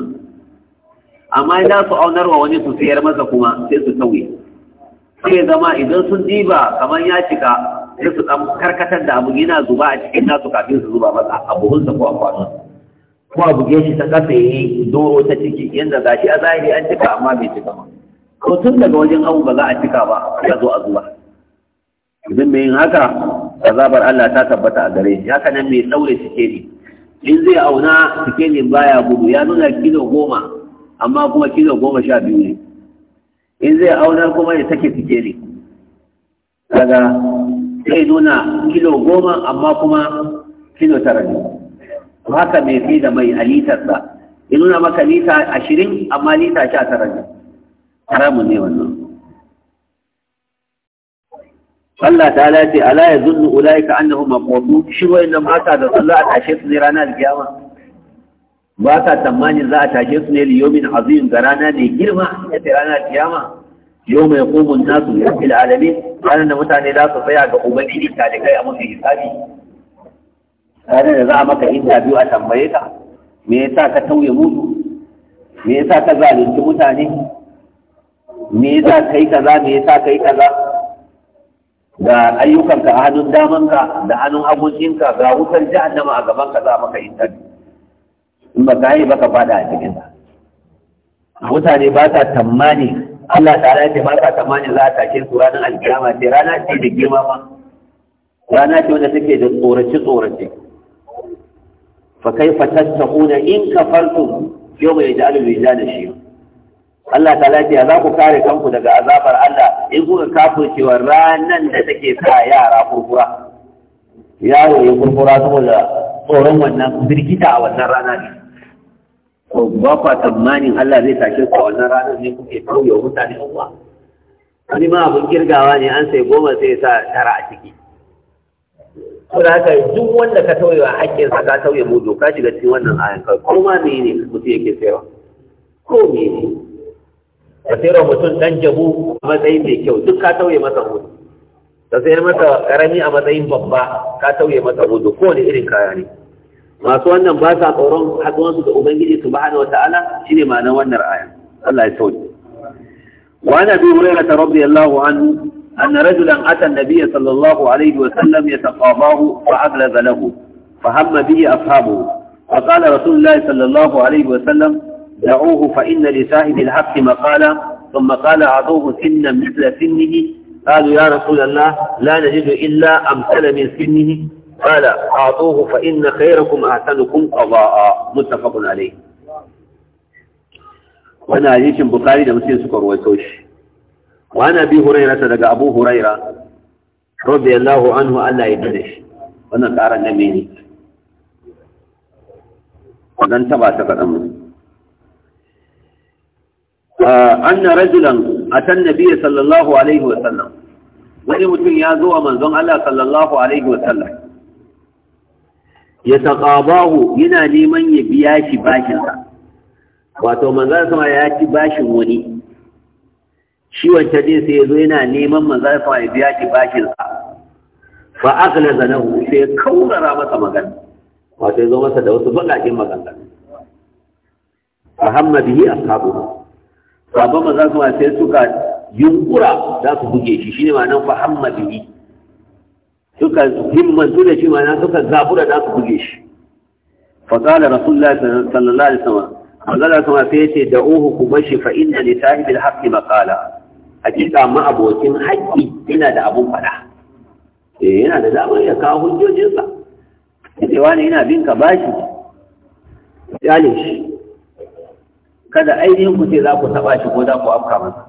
amma in za su aunarwa wani su sayar masa kuma sai su tauye sai zama idan sun diba kamar ya cika sai su dan karkatar da abun yana zuba a cikin nasu kafin su zuba masa a buhunsa ko a kwanon ko a buge shi ta kasa yi doro ta ciki yadda ga shi a zahiri an cika amma bai cika ba ko tun daga wajen abu ba za a cika ba ya zo a zuba idan mai yin haka azabar Allah ta tabbata a gare shi haka nan mai daure cike ne in zai auna cike ne baya gudu ya nuna kilo goma amma kuma kilo goma sha biyu ne in zai aunar kuma ya take ne daga zai nuna kilo goma amma kuma kilo tara ne haka mai fi da mai a sa, ya nuna maka lita ashirin amma lita sha tara ne haramun ne wannan Allah ta ce ala ya zunnu ulaika annahum maqbutu shi da mata da sallah a tashe su ne ranar kiyama ba ka tsammanin za a tashe su ne liyomin azim ga rana mai girma ya ce rana kiyama yau mai kumun nasu ya fi alami ranar da mutane za su tsaya ga ubangiji ta da kai a musu hisabi ranar da za a maka biyu a tambaye ka me ya sa ka tauye mutu me ya sa ka zalunci mutane me yasa kai kaza me yasa kai kaza da ayyukanka a hannun damanka da hannun abincinka ga wutar nama a gaban ka za a maka interview in ba ka yi ba ka fada a cikin sa mutane ba sa tamani Allah ta ce ba sa tamani za a take su ranar alkiyama ce rana ce da girma ma rana ce wanda take da tsorace tsorace fa fa tattaquna in kafartum yawma yaj'alu al-wijana shi. Allah ta lafiya za ku kare kanku daga azabar Allah in kuka kafircewa ranan da take sa yara kurkura yaro ya kurkura saboda tsoron wannan birgita a wannan rana ne ko ba kwa tsammanin Allah zai tashe ku a wannan ranar ne kuke kauye mutane Allah wani ma abin kirgawa ne an sai goma sai sa tara a ciki Kuna haka duk wanda ka tauye wa hakkin sa ka tauye mu doka shiga cikin wannan ayan kai ko ma me ne mutum yake tsayawa? ko me ne ka wa mutum ɗan jabu a matsayin mai kyau duk ka tauye masa hudu ka sayar masa ƙarami a matsayin babba ka tauye masa hudu kowane irin kaya ne masu wannan ba sa tsoron haɗuwansu da ubangiji subhanahu wataala shine ma'anar wannan aya Allah ya sauke وعن ابي هريره رضي الله عنه ان رجلا اتى النبي صلى الله عليه وسلم يتقاضاه فاغلب له فهم به اصحابه فقال رسول الله صلى الله عليه وسلم دعوه فان لصاحب الحق مقالا ثم قال اعطوه سنا مثل سنه قالوا يا رسول الله لا نجد الا امثل من سنه قال أعطوه فإن خيركم أحسنكم قضاء متفق عليه وانا حديث البخاري ده مسلم سكر ويتوش وانا ابي هريره daga abu huraira radiyallahu anhu Allah ya dade wannan karan nabi ne dan ta kadan mu anna rajulan atan nabiy sallallahu alaihi wa sallam wani mutum ya zo a manzon Allah ya taqabahu yana neman ya biya shi bashin sa wato manzo sama ya ci bashin wani shi wacce din sai yazo yana neman manzo sama ya biya shi bashin sa fa aghlaza lahu sai kaurara masa magana wato yazo masa da wasu bakakin magana. fa hamma bihi ashabuhu sabon manzo sama sai suka yunkura za su buge shi shine ma'anar fa hamma bihi suka himmantu da shi mana suka zabura da su buge shi faƙalar rasulullah sallallahu alaihi wasallam Allah kuma sai yace da uhu ku bashi fa inna li sahibil haqqi maqala hakika ma abokin haƙƙi yana da abun faɗa. eh yana da damar ya kawo hujjojin sa sai wani yana bin ka bashi yale shi kada ainihin ku ce za ku taɓa shi ko za ku afka masa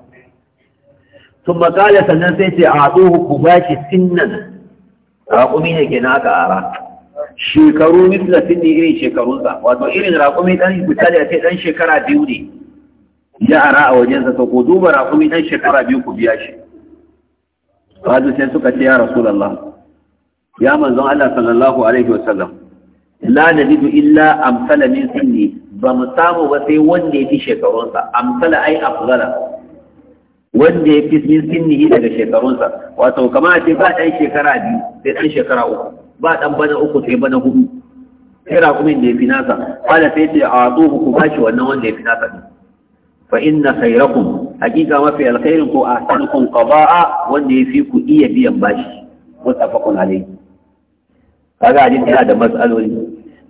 ثم قال sannan sai ce a haɗu ku bashi sinnan raƙumi ne ke naka ara shekaru mitla sun ne irin shekarunsa wato irin raƙumi ɗan misali a ce ɗan shekara biyu ne ya ara a wajensa to ku duba raƙumi ɗan shekara biyu ku biya shi wato sai suka ce ya Rasulallah ya manzon Allah sallallahu alaihi wa sallam la nadidu illa amsala min sunni ba mu samu ba sai wanda ya fi shekarunsa amsala ai afzala wanda ya fi min sinnihi daga shekarunsa wato kama a ce ba ɗan shekara biyu sai ɗan shekara uku ba ɗan bana uku sai bana hudu kira kuma da ya fi nasa kala sai ce a tsohu ku bashi wannan wanda ya fi nasa ne fa inna khairakum hakika mafi alkhairin ko a sanukun qada'a wanda ya fi ku iya biyan bashi mutafaqun alayhi kaga hadisi yana da matsaloli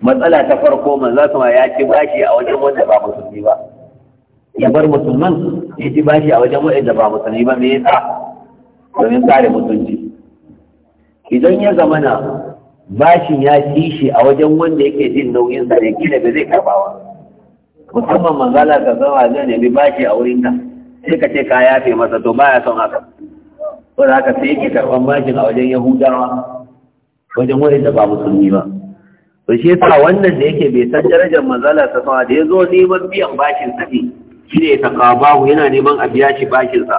matsala ta farko manzo sama ya ce bashi a wajen wanda ba musulmi ba ya bar musulman ya ji bashi a wajen waɗanda ba musulmi ba me yasa domin kare mutunci idan ya na bashin ya ci shi a wajen wanda yake jin nauyin sa ne gina ba zai karba ba musamman manzala ka zama zai nemi bashi a wurin ka sai ka ce ka yafe masa to baya son haka ko da haka sai yake karban bashin a wajen yahudawa wajen waɗanda ba musulmi ba to shi yasa wannan da yake bai san darajar manzala ta sama da ya zo neman biyan bashin sa ne shi ne ta kabahu yana neman a biya shi bashinsa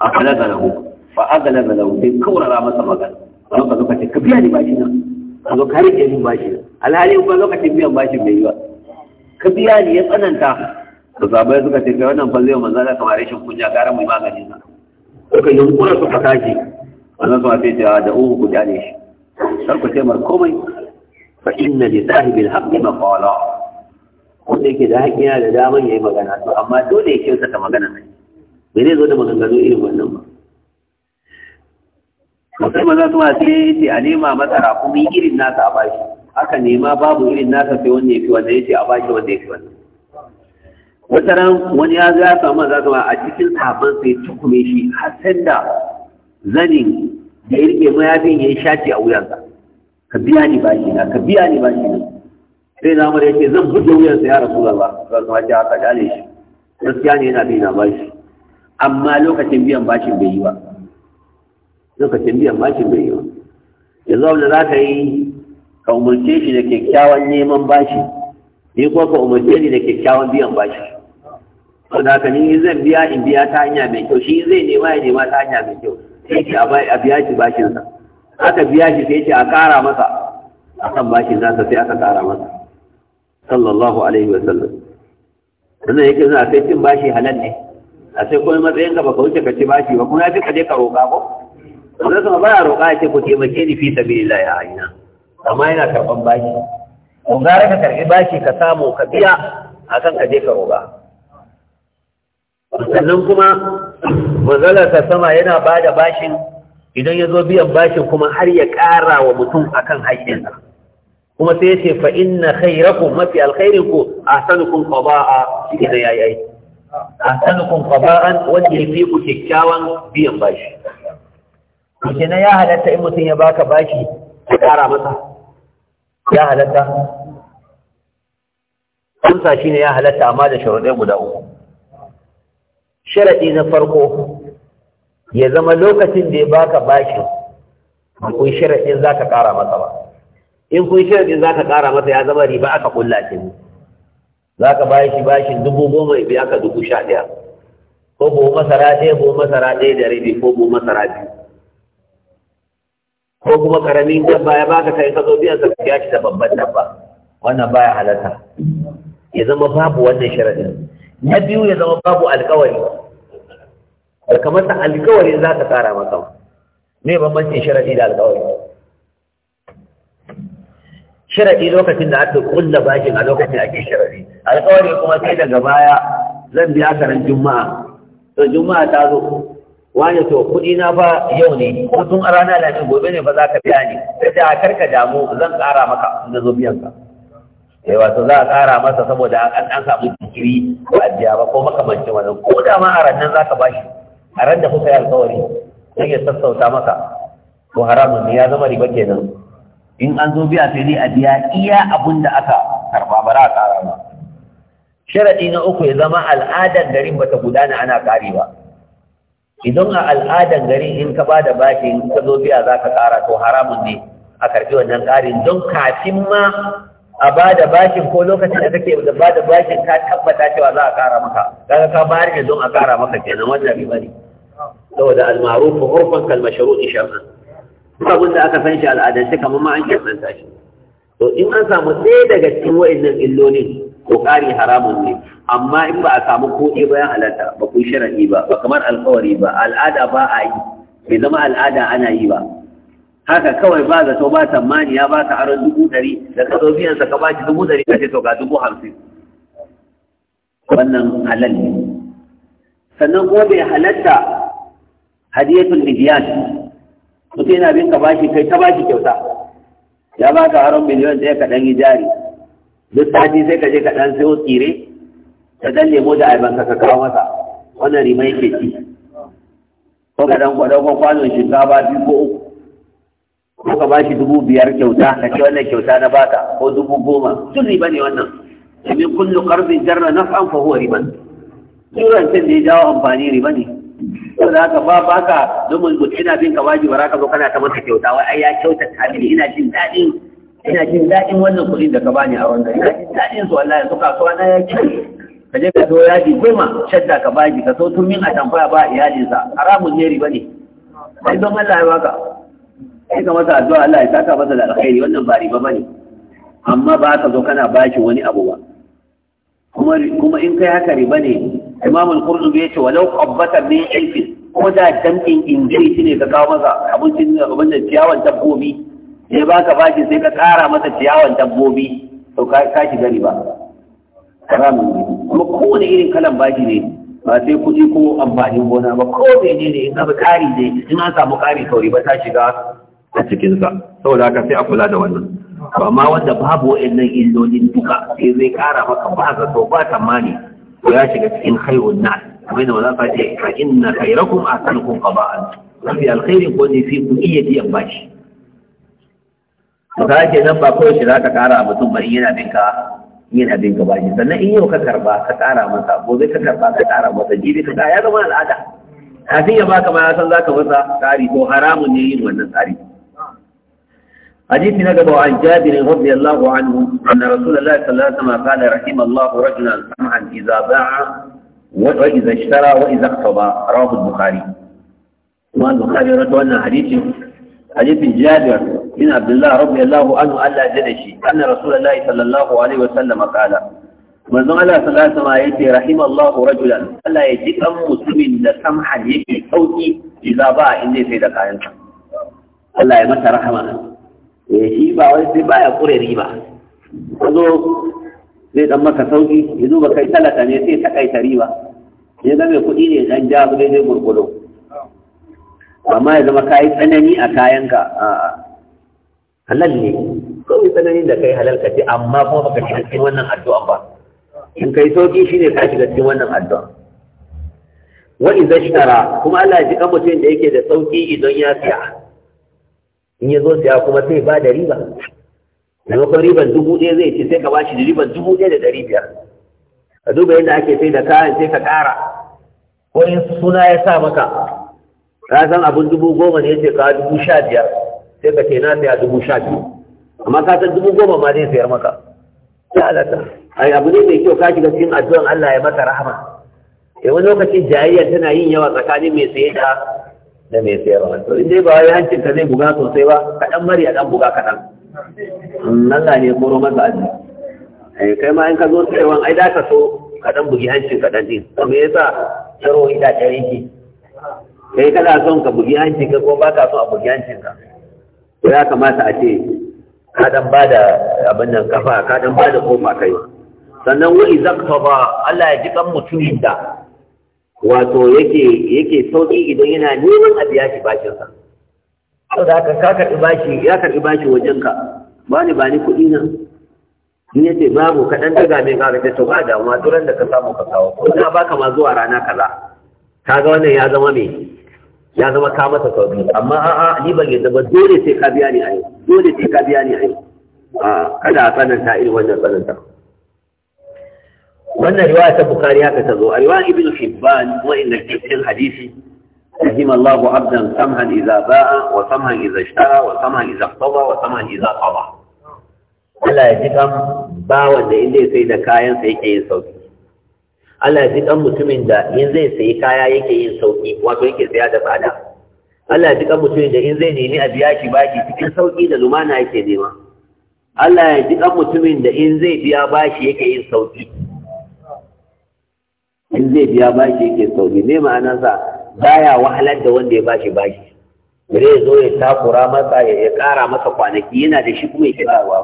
a galaga lahu Ba a galaga lahu sai kaurara masa magana a lokacin lokacin ka biya ni bakin nan a zo ka rike min bakin nan alhali kuma lokacin biyan bashin bai yi ba ka biya ni ya tsananta da zabai suka ce kai wannan fa zai manzo da kamar rashin kunya gara mai magani na suka su suka tashi wannan zuwa sai ta da uhu ku ne shi sarku ku komai fa inna lillahi sahibil haqqi maqala wanda yake da haƙƙi yana da daman ya yi magana to amma dole ya ta magana ne me ne zo da maganganu irin wannan ba mutum maza su wasu ya yace a nema kuma yi irin nasa a bashi aka nema babu irin nasa sai wanda ya fi wanda yace a bashi wanda ya fi wanda wata ran wani ya zai samu maza su a cikin sabon sai tukume shi har sai da zanin da yake mayafin ya yi shaci a wuyansa ka biya ni bashi na ka biya ni bashi na sai na mara yake zan buɗe wuyansa ya rasu da ba kuma ta haka gane shi gaskiya ne yana bi na bashi amma lokacin biyan bashin bai yi ba lokacin biyan bashin bai yi ba yanzu wanda za ka yi ka umarce shi da kyakkyawan neman bashi ni ko ka umarce ni da kyakkyawan biyan bashi da haka ni zan biya in biya ta hanya mai kyau shi zai nema ya nema ta hanya mai kyau sai ce a biya shi bashinsa aka biya shi sai ce a kara masa akan bashin nasa sai aka kara masa sallallahu alaihi wa sallam wannan yake suna kai cin bashi halal ne a sai kuma matsayin ka baka wuce ka ci bashi ba kuma ya fi ka je ka roƙa ko wanda sama baya roƙa ya ce ku taimake ni fi sabilillah ya aina amma yana karɓan bashi ko gara ka karɓi bashi ka samu ka biya akan ka je ka roƙa sannan kuma manzalar ta sama yana ba da bashin idan ya zo biyan bashin kuma har ya ƙara wa mutum akan haƙƙinsa kuma sai ya ce fa inna khairakum mafi alkhairin ku ahsanukum qada'a idan ne yayi ai ahsanukum qada'an wanda yafi ku kikkiawan biyan bashi to kenan ya halatta in mutum ya baka bashi ka kara masa ya halatta sa shine ya halatta amma da sharuɗai guda uku sharaɗi na farko ya zama lokacin da ya baka bashi akwai sharaɗin za ka ƙara masa ba in kun shirɗin za ka ƙara masa ya zama riba aka ƙulla ce za ka bayi shi bashin dubu goma ibi aka dubu sha ɗaya ko buhu masara ɗaya ko masara ɗaya da rabi ko buhu masara biyu ko kuma ƙaramin dabba ya baka kai ka zo biyan sa ya ci da babban dabba wannan baya halatta ya zama babu wannan sharaɗin na biyu ya zama babu alkawari da kamar alkawari za ka ƙara masa me bambancin sharadi da alkawari sharaɗi lokacin da aka kulla bashin a lokacin ake sharaɗi alƙawari kuma sai daga baya zan biya ka juma'a to juma'a ta zo wani to kuɗi na fa yau ne ko tun a rana da gobe ne fa za ka biya ni sai da karka damu zan ƙara maka na zo biyan ka sai eh, wato za a ƙara masa saboda an an samu jikiri ko biya ba ko makamancin wani ko da ma a ran nan za ka bashi a ran da kuka yi alƙawari zai iya sassauta maka ko haramun ne ya zama riba kenan in an zo biya sai dai a biya iya abun da aka karba ba a kara ba sharaɗi na uku ya zama al'adar garin bata gudana ana ƙarewa idan a al'adar garin in ka ba da bashi in ka zo biya za ka ƙara to haramun ne a karɓi wannan ƙarin don kafin ma a ba da bashin ko lokacin da kake da ba da bashin ka tabbata cewa za a kara maka kaga ka bayar ne don a kara maka kenan wannan ribari ne saboda al-ma'ruf urfan kal mashru'i shar'an duk abin da aka san shi al'adance kamar ma an kiranta shi to in an samu ɗaya daga cikin wa'annan illolin ko ƙari haramun ne amma in ba a samu ko ɗaya bayan halatta ba ku sharaɗi ba ba kamar alƙawari ba al'ada ba a yi bai zama al'ada ana yi ba haka kawai ba zato ba tsammani ya ba ka aron dubu ɗari da ka zo biyansa ka ba shi dubu ɗari ka ce to ga dubu hamsin wannan halal ne sannan kuma bai halatta hadiyatul midiyan mutum yana bin ka bashi kai ta bashi kyauta ya ba ka haron miliyan ɗaya ka ɗan yi jari duk sati sai ka je ka ɗan sayo tsire ka ɗan nemo da aiban ka ka kawo masa wannan rimai ke ci ko ka ɗan ko kwanon shinkafa biyu ko uku ko ka bashi dubu biyar kyauta ka ce wannan kyauta na baka ko dubu goma sun riba ne wannan domin kullu ƙarfin jarra na fa huwa riban. Turan da ya jawo amfani riba ne. ko za ka ba ba ka domin mutum ina bin ka waji ba ka zo kana ta masa kyauta wai ai ya kyauta ta mini ina jin daɗin ina jin daɗin wannan kuɗin da ka bani a wanda ina jin daɗin su wallahi su kasuwa na ya ce ka je ka zo yaji goma shadda ka baji ka so tun min a tamfaya ba iyalinsa haramun ne riba ne ai don Allah ya baka sai ka masa addu'a Allah ya saka masa da alkhairi wannan ba riba bane amma ba ka zo kana baki wani abu ba kuma kuma in kai haka riba ne imam al-qurdubi yace walau qabbata min ilfi ko da damkin injiri ne ka kawo masa abincin abin da ciyawan dabbobi sai baka baki sai ka kara masa ciyawan dabbobi to ka ka shiga gani haram kuma kowane irin kalan baki ne ba sai kuɗi ko amfanin gona ba ko mene ne in aka kari ne in an samu kari to ba ta shiga a cikinsa saboda haka sai a kula da wannan amma wanda babu wa'annan illolin duka sai zai kara maka ba zato ba tsammani ya shiga cikin khairun nas kamar da wala ta ce fa inna khairakum ahsanukum qaba'an mafi alkhairi ko ne fi ku iya biyan bashi ka ke nan ba kawai shi za ka ƙara mutum ba yana bin ka yana bin ka bashi sannan in yau ka karba ka ƙara masa gobe ka karba ka ƙara masa jibi ka ya zama al'ada kafin ya baka ma ya san za ka masa tsari ko haramun ne yin wannan tsari حديث نقب عن جابر رضي الله عنه أن رسول الله صلى الله عليه وسلم قال رحم الله رجلا سمعا إذا باع وإذا اشترى وإذا اقتضى رواه البخاري والبخاري رد أن حديث حديث جابر بن عبد الله رضي الله عنه ألا جدشي أن رسول الله صلى الله عليه وسلم قال من قال صلى الله عليه وسلم يتي رحم الله رجلا ألا يجد أم مسلم سمحا يكي صوتي إذا باع إني سيدك عنك ألا يمت رحمه eh shi ba wai sai baya kure riba ka zo zai dan maka sauki ya zuba kai talaka ne sai ta kai riba ya zama kuɗi ne dan ja zai zai gurgudo amma ya zama kayi tsanani a kayanka a halal ne kawai tsananin da kai halal ka ce amma kuma baka shiga cikin wannan addu'a ba in kai sauki shine ka shiga cikin wannan addu'a wa idza shara kuma Allah ya ji kan da yake da sauki idan ya siya in ya zo siya kuma sai ba da riba maimakon riban dubu ɗaya zai ce sai ka shi da riban dubu ɗaya da ɗari biyar ka duba yadda ake sai da kayan sai ka ƙara ko in suna ya sa maka ka san abin dubu goma ne ya ce ka dubu sha biyar sai ka ce na saya dubu sha biyu amma ka san dubu goma ma zai sayar maka ya halatta ai abu ne mai kyau ka shiga cikin addu'an Allah ya masa rahama eh wani lokacin jayayyar tana yin yawa tsakanin mai saye da da mai sayarwa to in dai ba wai hancin ka zai buga sosai ba kaɗan mari a ɗan buga kaɗan Allah ne koro masa aji eh, kai ma in ka zo sayarwa ai da ka so kaɗan bugi hancin kaɗan din to me yasa karo ita ɗaya yake kai kana son ka bugi hancin ka ko ba ka son a bugi hancin ka to ya kamata a ce ka dan da abin nan kafa ka dan da kofa kai sannan wa idza Allah ya ji kan mutumin da wato yake yake sauki idan yana neman a biya shi bashinsa saboda da ka karɓi bashi ya karɓi bashi wajenka ba ni ba ni kuɗi nan Ni ya ce babu kaɗan daga mai ka ta to ba damuwa duran da ka samu ka kawo ko na baka ma zuwa rana kaza ka ga wannan ya zama me ya zama ka masa sauki amma a'a ni ban yadda ba dole sai ka biya ni a yau dole sai ka biya ni a kada a tsananta irin wannan tsananta wannan riwaya ta bukari haka ta zo a riwaya ibn hibban kuma inda cikin hadisi رحم idza ba'a wa إذا idza ishtara wa اشترى idza إذا wa وسمها idza قضى Allah ya ji kan bawan da inda ya sai da kayan sai yake yin sauki Allah ya ji kan mutumin da in zai sai kaya yake yin sauki wato yake tsaya da tsada Allah ya ji kan mutumin da in zai nemi a biya shi baki cikin sauki da lumana yake nema Allah ya ji kan mutumin da in zai biya bashi yake yin sauki in zai biya bashi yake sauri me ma'anansa baya wahalar da wanda ya bashi bashi bare ya zo ya takura masa ya ƙara masa kwanaki yana da shi kuma ya kira wa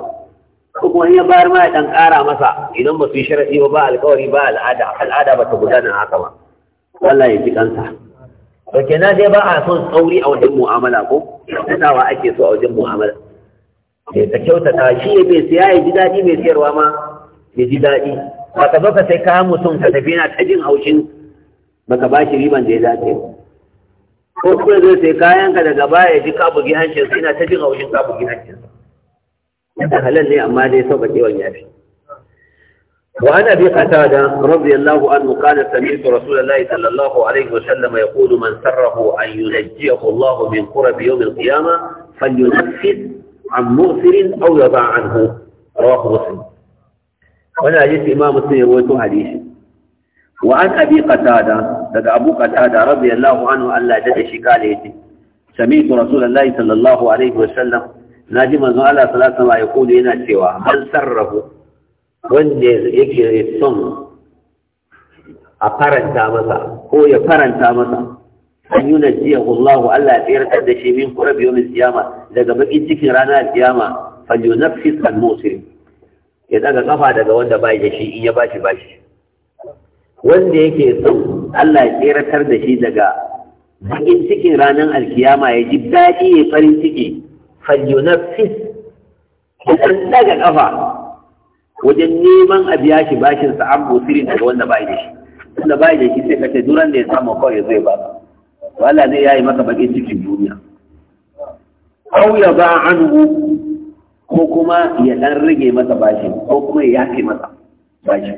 ko kuma ya bayar ma ya dan ƙara masa idan ba su yi sharadi ba ba alƙawari ba al'ada al'ada ba ta gudana haka ba Allah ya ji kansa to kenan dai ba a son tsauri a wajen mu'amala ko tsawa ake so a wajen mu'amala sai ta kyautata shi ya bai siya ya ji daɗi mai siyarwa ma ya ji daɗi ba ka zo ka sai kayan mutum ka tafi na ta jin haushin baka ba shi riban da ya dace ko kuma zai sai kayan ka daga baya ji ka bugi hancin sa ina ta jin haushin ka bugi hancin sa yadda halal ne amma dai sau bakewan yafi وعن أبي قتادة رضي الله عنه قال سمعت رسول الله صلى الله عليه وسلم يقول من سره أن ينجيه الله من قرب يوم القيامة فلينفذ عن مغفر أو يضع عنه رواه مسلم wani hadisi imam muslim ya rawaito hadisi wa an abi qatada daga abu qatada radiyallahu anhu Allah ya dade shi kale yace sami'tu rasulullahi sallallahu alaihi wa sallam naji ji Allah sallallahu alaihi wa sallam yaqulu yana cewa man sarrahu wanda yake son a faranta masa ko ya faranta masa an yi najiyahu Allah Allah ya tsira da shi min qurbi yawm siyama daga bakin cikin ranar siyama fa falyunaffis al musrim ya daga kafa daga wanda bai da shi in ya bashi bashi wanda yake son Allah ya tseratar da shi daga bakin cikin ranar alkiyama ya ji daɗi ya farin ciki falyunaffis ya ɗan daga kafa wajen neman a biya shi bashin sa an busiri daga wanda bai da shi wanda bai da shi sai ka ce duran da ya samu kawai ya zai ba wala zai yayi maka bakin cikin duniya aw ya ba anhu ko kuma ya ɗan rage masa bashi, ko kuma ya yafe masa bashi.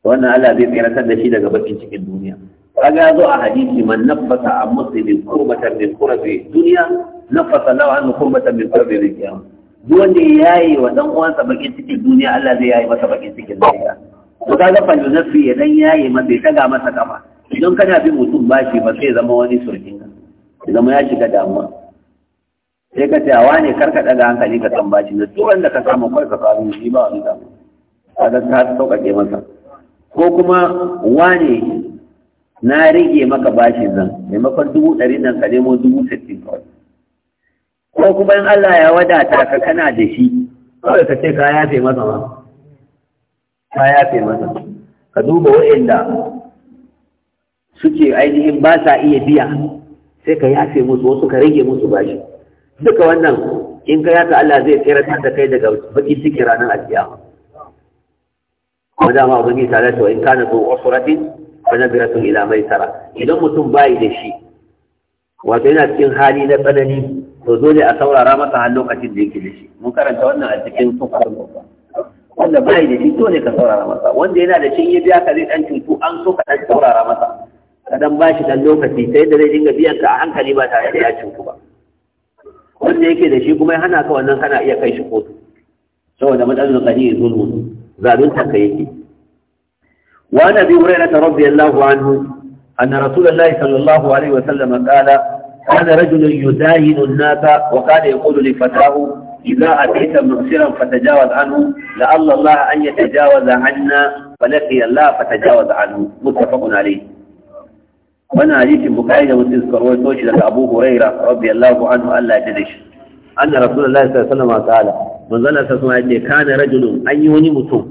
wannan Allah zai tsiratar da shi daga bakin cikin duniya kaga zo a hadisi man nafasa a muslimin kurbatan min kurbi duniya nafasa lahu an kurbatan min kurbi riyam kiyama duk yayi ya wa dan uwansa bakin cikin duniya Allah zai yayi masa bakin cikin duniya to kaga fa yunafi ya dan yayi masa ya daga masa kafa idan kana bin mutum bashi ba sai zama wani surkin zama ya shiga damuwa sai ka ce awa ne karka daga hankali ka san bashi da duk wanda ka samu kai ka samu, shi ba wani damu kaga ka sauƙaƙe masa ko kuma wane na rage maka bashin nan maimakon dubu ɗari nan ka nemo dubu sittin kawai ko kuma in Allah ya wadata ka kana da shi kawai ka ce ka yafe masa ma ka yafe masa ka duba waɗanda suke ainihin ba sa iya biya sai ka yafe musu wasu ka rage musu bashi duka wannan in ka yaka Allah zai ta da kai daga baki cikin ranar alkiyama wanda ma ubangi ta lati wa in kana zo usratin fa nabiratun ila tara idan mutum bai da shi wato yana cikin hali na tsanani to dole a saurara masa har lokacin da yake da shi mun karanta wannan a cikin sukurin wanda bai da shi dole ka saurara masa wanda yana da shi ya biya ka zai dan cutu an so ka dan saurara masa ka dan bashi dan lokaci sai da zai dinga biyan ka a hankali ba tare da ya cutu ba wanda yake da shi kuma ya hana ka wannan kana iya kai shi kotu saboda matsalar gani zulmun ta ka yake wa nabi rabbi radiyallahu anhu anna rasulullahi sallallahu alaihi wa sallam qala كان رجل يداين الناس وكان يقول لفتاه إذا أتيت مغفرا فتجاوز عنه لعل الله أن يتجاوز عنا فلقي الله فتجاوز Anhu? متفق عليه wannan hadisin bukari da muslim suka rawaito shi daga abu huraira radiyallahu anhu Allah ya dade shi anna rasulullahi sallallahu alaihi wasallam kala manzon Allah sallallahu alaihi wasallam kana rajulun an yi wani mutum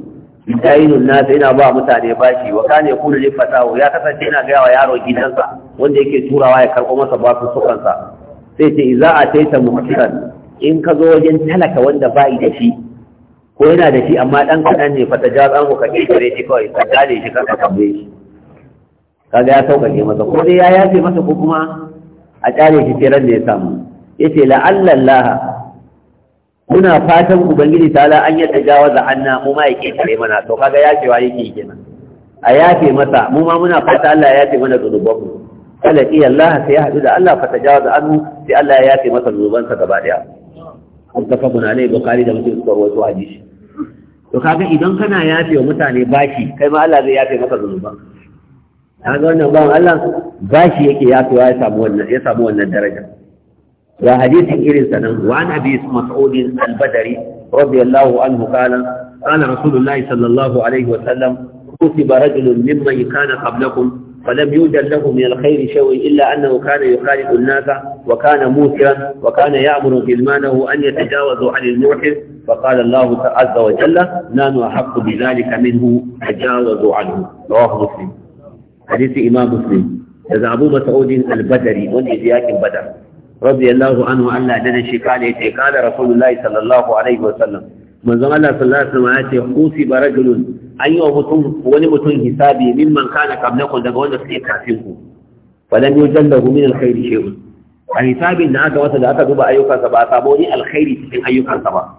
bidayinun nasa yana ba mutane bashi wa kana yakulu li fatahu ya kasance yana ga wa yaro gidansa wanda yake turawa ya karbo masa basu sukansa sai ce idza ataita muhsinan in ka zo wajen talaka wanda bai da shi ko yana da shi amma dan kadan ne fata jazan ko ka kire shi kawai ka dale shi ka tambaye shi kaga ya sauƙaƙe masa ko dai ya yafe masa ko kuma a ƙyale shi tseren da ya samu ya ce Allah muna fatan ubangiji la an yadda za an na mu ma ya ƙetare mana to kaga ya yafewa yake kenan a yafe masa mu ma muna fata Allah ya yafe mana zunubanmu kala iya Allah sai ya haɗu da Allah fa za anhu sai Allah ya yafe masa zunubansa gaba ɗaya. daya mutafaqun alayhi bukari da mutum suka wasu hadisi to kaga idan kana yafe wa mutane bashi kai ma Allah zai yafe masa zunubanka ta wannan ban Allah bashi yake ya kuwa ya samu wannan daraja wa hadisin irin sanan wa an abi mas'udin al-badari radiyallahu anhu kala kana rasulullahi sallallahu alaihi wa sallam kutiba rajulun mimma kana qablakum falam yujad lahu min al-khair shay'un illa annahu kana yukhalidu an-nas Musa, kana musira wa kana ya'muru bilmanahu an yatajawazu an al-muhsin fa qala Allah ta'azza wa jalla nanu ahaqqu bidhalika minhu tajawazu anhu rawahu muslim hadisi imam muslim da abu mas'udin al badari wanda ya yakin badar radiyallahu anhu Allah da shi kale yace kala rasulullahi sallallahu alaihi wa sallam manzon Allah sallallahu alaihi wa sallam yace usiba rajulun an yi wa mutum wani mutum hisabi mimman kana qablakum daga wanda suke kafin ku falam yujallahu min al-khairi shay'un a hisabin da aka wata da aka duba ayyukansa ba a samu wani alkhairi cikin ayyukansa ba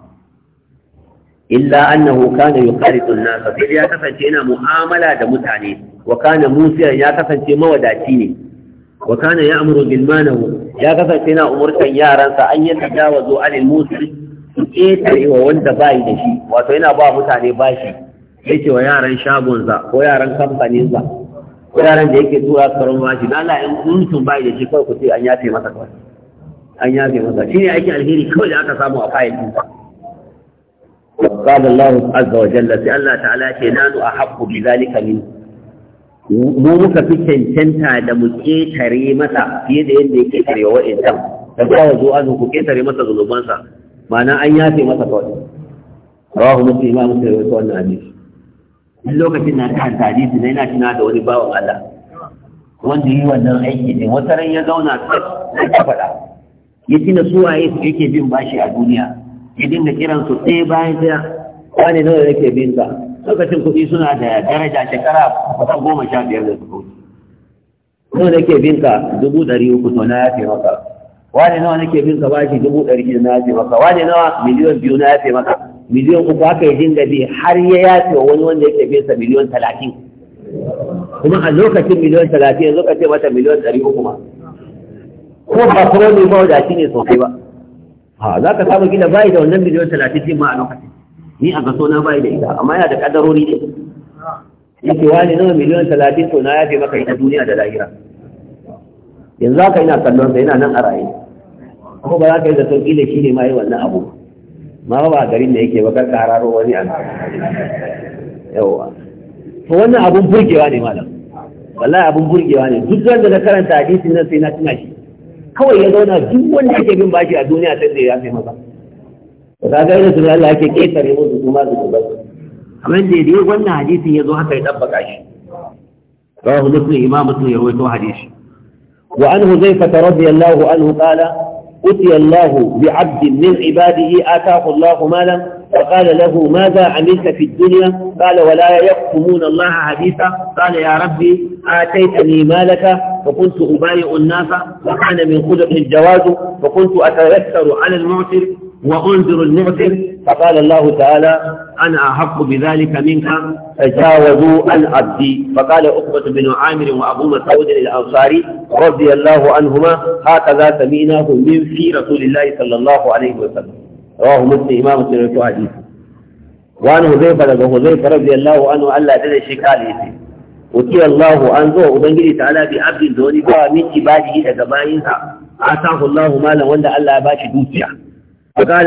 illa annahu kana yuqaridu an-nas sai ya kasance yana mu'amala da mutane wa kana musiya ya kasance mawadaci ne wa kana ya'muru bil manahu ya kasance yana umurtan yaransa an yi tajawazu alil Musri su ƙetare wa wanda bai da shi wato yana ba mutane bashi yake wa yaran shagonsa ko yaran kamfaninsa ko yaran da yake tura karon bashi na la in kuntum bai da shi kawai ku ce an yafe masa kawai an yafe masa shine aikin alheri kawai da aka samu a fayil ɗinsa وقال الله عز وجل في الله تعالى كنان أحب بذلك منه mu muka fi cancanta da mu ƙetare masa fiye da yadda ya ƙetare wa wa'incan da kawo zuwa ku ƙetare masa zunubansa ma'ana an yafe masa kawai rawahu muslim imam muslim ya wannan hadisi duk lokacin na kan hadisi na yana tuna da wani bawan Allah wanda yi wannan aiki ne wata ran ya zauna sai ya faɗa ya tuna suwaye su yake bin bashi a duniya ya dinga kiran su ɗaya bayan ɗaya wani nawa yake bin ka lokacin kuɗi suna da daraja shekara kusan goma sha biyar da suka wuce nawa yake bin ka dubu ɗari uku to na yafe maka wani nawa nake bin ka bashi dubu ɗari shida na yafe maka wani nawa miliyan biyu na yafe maka miliyan uku haka ya dinga bi har ya yafe wa wani wanda yake bin sa miliyan talatin kuma a lokacin miliyan talatin yanzu ka ce mata miliyan ɗari uku ma ko ba kuma ba mawadaci ne sosai ba ha za ka samu gina bayi da wannan miliyan talatin ɗin ma a lokacin ni a kaso na bayi da ita amma yana da kadarori ne yake wani nawa miliyan talatin to na yafe maka ita duniya da lahira yanzu haka ina kallon sa yana nan a raye ko ba za ka yi zaton da shi ne ma yi wannan abu ma ba garin da yake ba kar kararo wani an yawa to wannan abun burgewa ne malam wallahi abun burgewa ne duk wanda na karanta hadisin nan sai na tuna shi kawai ya zauna duk wanda yake bin bashi a duniya sai da ya fi masa ka ga irin su Allah yake ƙetare musu su ma su ba kamar da dai wannan hadisin ya zo haka ya dabbaka shi rawahu muslim imam muslim ya rawaito hadisi wa an huzaifah radiyallahu anhu ƙala uti Allah bi 'abdin min 'ibadihi ataahu Allah malan فقال له ماذا عملت في الدنيا قال ولا يحكمون الله حديثا قال يا ربي آتيتني مالك فكنت أبايع الناس وكان من خلق الجواز فكنت أتيسر على المعسر وأنذر المعسر فقال الله تعالى أنا أحق بذلك منك تجاوزوا عن عبدي فقال أقبة بن عامر وأبو مسعود الأنصاري رضي الله عنهما هكذا سميناه من في رسول الله صلى الله عليه وسلم rawahu muslim imam muslim rawaito hadisi wa an huzaifa daga huzaifa radiyallahu anhu Allah da shi kale yace uti Allah an zo ubangiji ta'ala bi abdin da wani bawa min ibadihi daga bayin bayinsa asahu Allah malan wanda Allah ya bashi dukiya فقال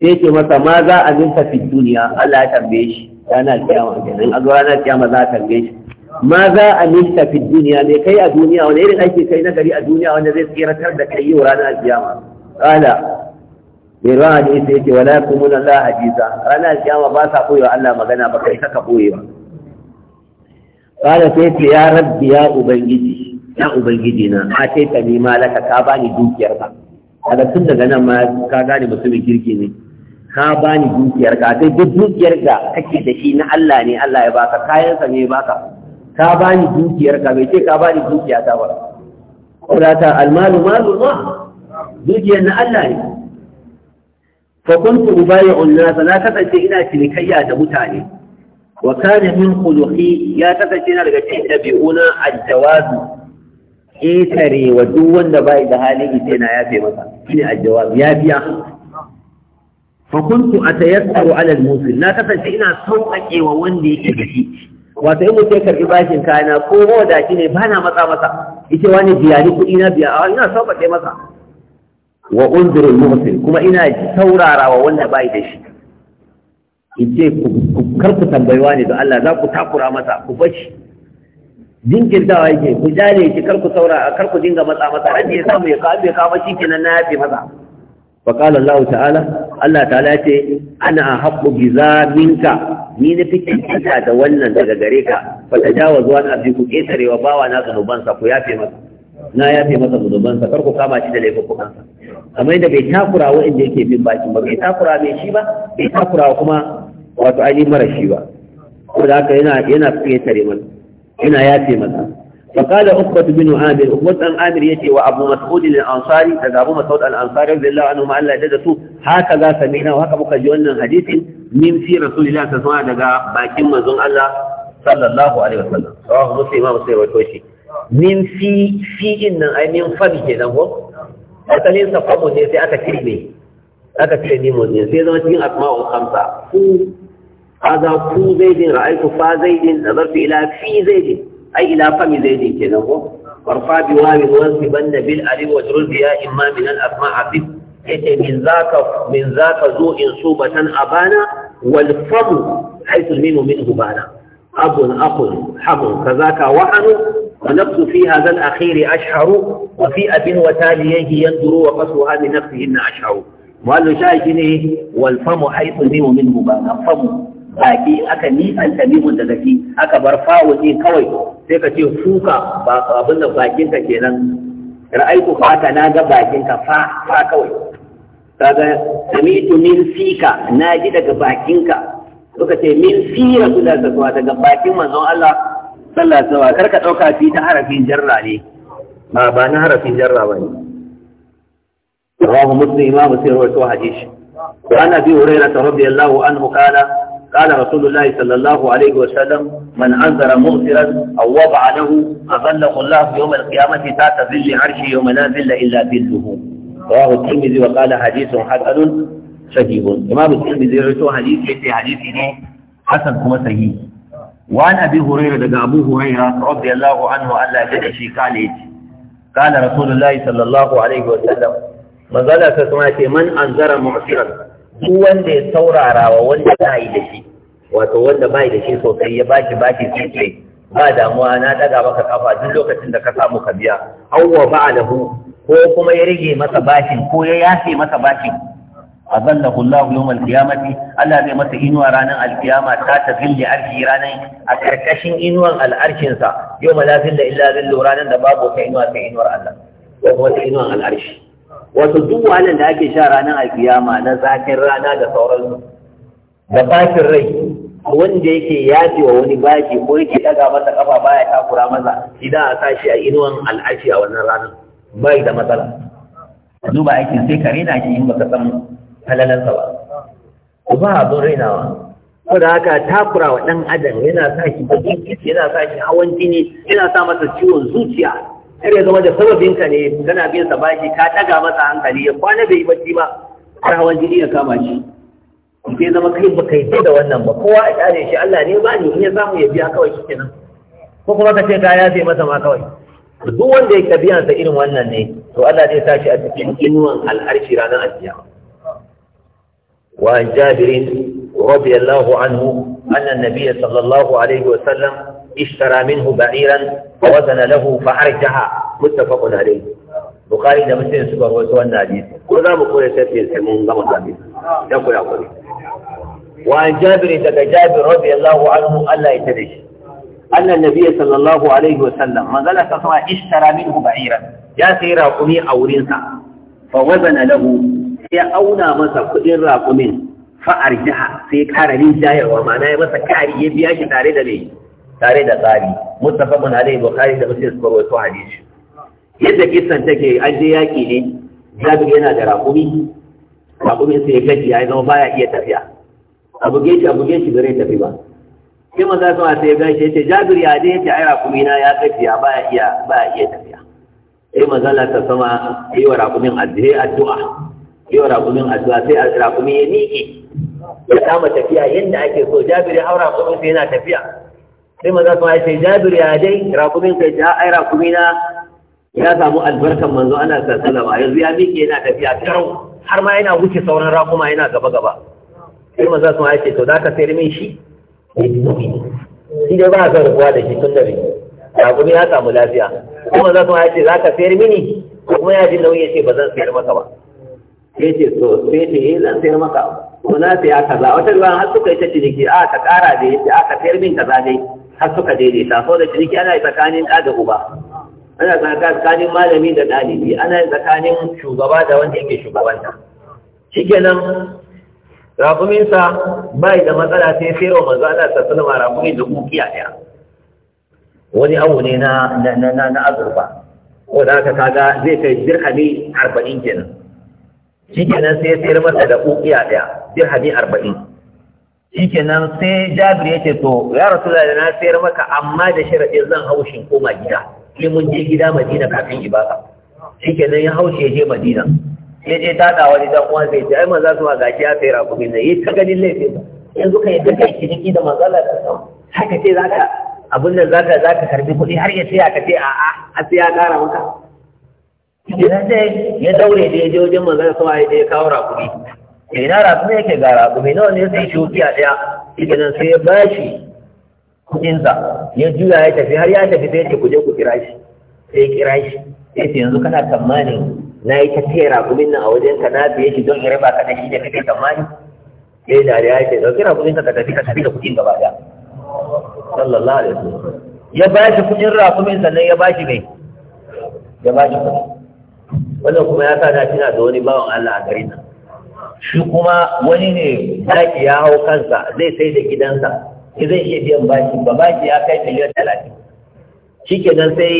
sai ce masa ma za a minta fi duniya Allah ya tambaye shi ranar kiyama kenan a ranar kiyama za a tambaye shi ma za a minta fi duniya me kai a duniya wani irin aiki kai na gari a duniya wanda zai tsiratar da kai yau ranar kiyama qala bai ruwan hadisi yake wala ya na Allah jiza ranar kiyama ba sa koyo Allah magana ba kai saka ba kada sai ce ya rabbi ya ubangiji ya ubangiji na a ce ta ni malaka ka bani dukiyar ka kada tun daga nan ma ka gane mutumin kirki ne ka bani dukiyar ka sai duk dukiyar ka kake da shi na Allah ne Allah ya baka kayan sa ne baka ka bani dukiyar ka bai ce ka bani dukiya ta ba ko da ta almalu malu ma dukiyar na Allah ne fa kuntu ubayi'u na kasance ina cinikayya da mutane wa kana min khuluqi ya kasance na daga cikin dabi'una al-jawazu ƙetare wa duk wanda bai da halin ita na yafe masa shine al-jawazu yafiya fa kuntu atayassaru ala na kasance ina sauƙaƙe wa wanda yake da shi wato ya karɓi bashin kayana ko mawadaci ne na masa ita kuɗi na ina sauƙaƙe masa wa unzirul muhsin kuma ina taurarawa wanda bai da shi yace ku kar ku ne da Allah za ku takura masa ku bashi jinkirtawa yake ku jale shi karku ku saura kar dinga matsa masa ran ya samu ya kafe ya kawo shi kenan na yafe masa fa qala Allah ta'ala Allah ta'ala ce ana haqqu gizaminka ni na fi da wannan daga gare ka fa tajawazu an abdi ku ketarewa bawa na zanubansa ku yafe masa na ya fi masa zunuban sa kar ku kama shi da laifin kuma kamar da bai takura wa inda yake bin bakin ba bai takura mai shi ba bai takura kuma wato ai mara shi ba ko da haka yana yana fetare mana yana ya fi masa fa qala ukbat bin amir ukbat an amir yace wa abu mas'ud al ansari da abu mas'ud al ansari radiyallahu anhu ma Allah ya su haka za ka mina haka muka ji wannan hadisin min fi rasulillahi sallallahu alaihi wasallam daga bakin manzon Allah sallallahu alaihi wasallam rawahu muslim ma muslim wa tawfiq min fi fi din nan ai min fadi kenan ko asalin sa famu ne sai aka kirbe aka cire nemo ne sai zama cikin asma'ul khamsa ku kaza ku zaidin ra'aytu fa zaidin nazartu ila fi zaidin ai ila fami zaidin kenan ko warfa bi wa min wasbi banna bil alif wa jurul biya imma min al asma'a bi yace min zaka min zaka zu in subatan abana wal famu haythu al mimu minhu bana abun aqul hamu kazaka wahanu ونفس في هذا الأخير أشهر وفي أب وتاليه ينظر وقصها بنفسهن أشهر وقال له شاهدني والفم حيث الميم منه بقى الفم baki aka nisan tamimun da zaki aka bar fawo din kawai sai ka ce shuka ba abin da bakinka kenan ra'aitu fata na ga bakinka fa kawai kaga samitu min fika na ji daga bakinka suka ce min fira su da daga bakin manzon Allah sallah sawa kar ka ɗauka fi ta harafin jarra ne ba ba na harafin jarra ba ne rawahu muslim imamu sai rawaito hadisi wa ana bi hurairah radiyallahu anhu qala قال رسول الله صلى الله عليه وسلم من أنذر مؤثرا أو وضع له أظله الله يوم القيامة تحت ظل عرشه يوم لا ظل إلا ظله رواه الترمذي وقال حديث حسن صحيح إمام الترمذي رواه حديث في حديث حسن كما صحيح وعن ابي هريره دقى ابو هريره رضي الله عنه الله جد في قال قال رسول الله صلى الله عليه وسلم كما تسمعتي من انذر معسرا هو اللي ثورة راوة باي دشي wato wanda bai da shi sosai ya baki baki tsaye ba damuwa na daga maka kafa duk lokacin da ka samu ka biya awwa ba'alahu ko kuma ya rage masa bashin ko ya yafe masa bashin azallahu Allah yawm al-qiyamati Allah zai masa inuwa ranar al ta ta da arshi ranar a karkashin inuwan al-arshin sa yawma la zilla illa zillu ranar da babu ta inuwa sai inuwar Allah ko kuma ta inuwan al wato duk wahalan da ake sha ranar al na zakin rana da sauransu da bakin rai wanda yake yaji wa wani baki ko yake daga masa kafa baya takura masa idan a sa shi a inuwan al'ashi a wannan ranar bai da matsala duba aikin sai ka rena shi in baka san falalansa ba ku ba abin rainawa saboda haka takura wa ɗan adam yana sa shi bakin kiti yana sa shi hawan jini yana sa masa ciwon zuciya kar ya zama da sababin ka ne kana bin sa bashi ka ɗaga masa hankali ya kwana bai yi bacci ba har hawan jini ya kama shi sai zama kai ba kai da wannan ba kowa a kyale shi Allah ne ba ni in ya samu ya biya kawai shi kenan ko kuma ka ce ka ya sai masa ma kawai duk wanda ya sa irin wannan ne to Allah zai sa shi a cikin inuwan al'arshi ranar alkiyama وعن جابر رضي الله عنه أن النبي صلى الله عليه وسلم اشترى منه بعيرا فوزن له فعرجها متفق عليه البخاري ده مسلم سبر وسوى الناديس كل ما بقول يسافر الحمون ده مطلبين يقول يقول وعن جابر ده جابر رضي الله عنه ألا يتدش أن النبي صلى الله عليه وسلم ما ذلك صلى اشترى منه بعيرا يا سيرا قمي أورينها فوزن له ya auna masa kuɗin raƙumin fa'ar jiha sai ƙara rinjayarwa mana ya masa kari ya biya shi tare da mai tare da tsari mustapha mun alayhi bukhari da muslim su rawaito shi. yadda kisan take an je yaƙi ne jabir yana da raƙumi raƙumin sai ya gaji ya zama baya iya tafiya a buge shi a buge shi bare tafi ba sai su ma sai ya gaji ya ce jabir ya je ya ce ai raƙumi na ya gaji ya baya iya baya iya tafiya sai maza ta sama yi wa raƙumin addu'a yau rakumin addu'a sai rakumin ya miƙe ya kama tafiya yadda ake so jabiri haura kuma sai yana tafiya sai maza su ce jabiri ya dai rakumin kai ja ai raƙumi na ya samu albarkan manzo ana ba yanzu ya miƙe yana tafiya garau har ma yana wuce sauran rakuma yana gaba gaba sai maza su ce to za ka sayar min shi shi dai ba a son rubuwa da shi tun da bai raƙumi ya samu lafiya kuma za su ma ya ce za ka sayar mini kuma ya ji nauyi ya ce ba zan sayar maka ba sai ce so sai ce yi zan sayar maka ko na aka kaza wata ruwan har suka yi ta ciniki a ah, ka kara da yadda aka sayar min kaza dai har suka daidaita so da ciniki ana yi tsakanin ɗa da uba ana tsakanin malami da ɗalibi ana yi tsakanin shugaba da wanda yake shugabanta shikenan sa bai da matsala sai sai wa manzo Allah ta sallama da kukiya ɗaya wani abu ne na azurfa wadda aka kaga zai kai dirhami arba'in kenan shi kenan sai ya sayar masa da ukiya ɗaya dirhami arba'in shi kenan sai jabir yake ce to ya rasu da na sayar maka amma da sharaɗin zan haushin koma gida sai mun je gida madina kafin ibada shi kenan ya haushe ya je madina ya je da wani dan uwan sai ce ai maza su ma gashi ya sayar abu ne yi ta ganin laifin yanzu ka yadda kai ciniki da manzala da sau haka ce zaka abin da zaka zaka karbi kuɗi har ya saya ka ce a'a a sai ya ƙara maka idan dai ya daure da ya je wajen manzon sama ya je kawo rakumi ke ina rakumi yake ga rakumi nawa ne sai shuki a daya idan sai ya bashi kudinsa ya juya ya tafi har ya tafi sai ya ce ku je ku kira shi sai ya kira shi ya ce yanzu kana tsammanin na yi ta tera rakumin nan a wajen ka na biye shi don in raba ka da shi da kake tsammani sai da ya ce dauki rakumin ka tafi ka tafi da kudin gaba daya sallallahu alaihi wasallam ya bashi kudin rakumin sannan ya bashi shi mai ya bashi shi kudin wannan kuma ya sa dace na da wani bawan Allah a garin nan shi kuma wani ne zaki ya hau kansa zai sai da gidansa ki zai iya biyan baki ba baki ya kai miliyan talatin shi kenan sai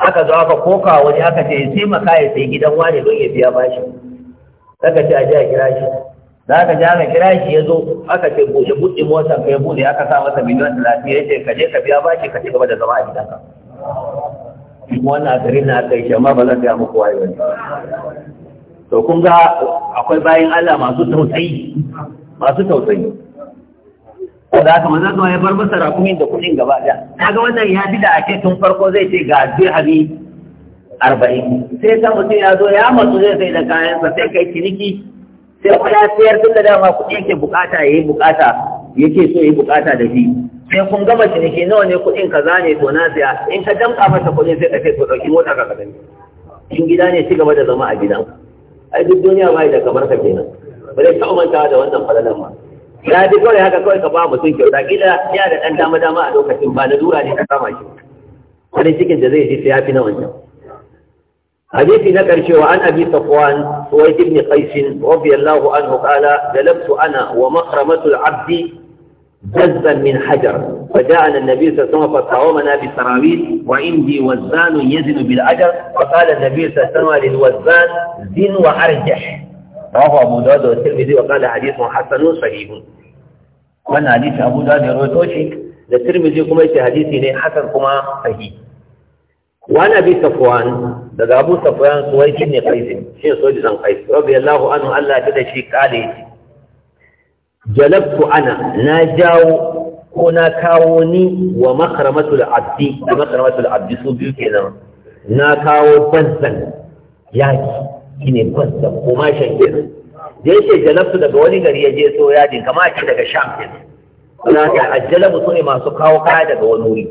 aka zo aka koka wani aka ce ya taimaka ya sai gidan wani don ya biya bashi aka ce a ji a kira shi za ka ji aka kira shi ya zo aka ce ya buɗe motar ka ya buɗe aka sa masa miliyan talatin ya ce ka je ka biya bashi ka ci gaba da zama a gidanka wannan asari na aka yi shi amma ba zan gaya muku waye wani to kun ga akwai bayan Allah masu tausayi masu tausayi ko da haka manzon ya bar masa rakumin da kuɗin gaba ta ga wannan ya bi da ake tun farko zai ce ga dirhami arba'in sai ka mutum ya zo ya matsu zai sai da kayan sa sai kai ciniki sai kuma ya sayar tun da dama kuɗi yake bukata ya yi bukata yake so ya yi bukata da shi sai kun gama ciniki nawa ne kuɗin ka zane to na siya in ka damƙa mata kuɗin sai ka ce to ɗauki mota ka kaɗan in gida ne ci gaba da zama a gidan ai duk duniya bai da kamar ka kenan ba zai taɓa mantawa da wannan falalan ma ya fi kawai haka kawai ka ba mutum kyauta kila ya da ɗan dama dama a lokacin ba na dura ne ka kama shi wani cikin da zai ji sai ya fi na wancan حديث نكر شو عن أبي صفوان سويد بن قيس رضي الله عنه قال جلبت أنا ومخرمة العبد جذبا من حجر فجعل النبي صلى الله عليه وسلم فقاومنا بالتراويح وعندي وزان يزن بالاجر فقال النبي صلى الله عليه وسلم للوزان زن وارجح رواه ابو داود والترمذي وقال حديث حسن صحيح وانا حديث ابو داود يروي شيء الترمذي كما يتي حديثي ne hasan kuma sahih وعن ابي صفوان ابو صفوان سويت بن قيس شيخ سويت بن قيس رضي الله عنه Allah da shi jalabtu ana na jawo ko na kawo ni wa makaramatul abdi da makaramatul abdi su biyu kenan na kawo banzan yaki ne banzan ko mashin kenan da yake jalabtu daga wani gari ya je so yadin kama a ce daga sham kenan na ga ajalabu su ne masu kawo kaya daga wani wuri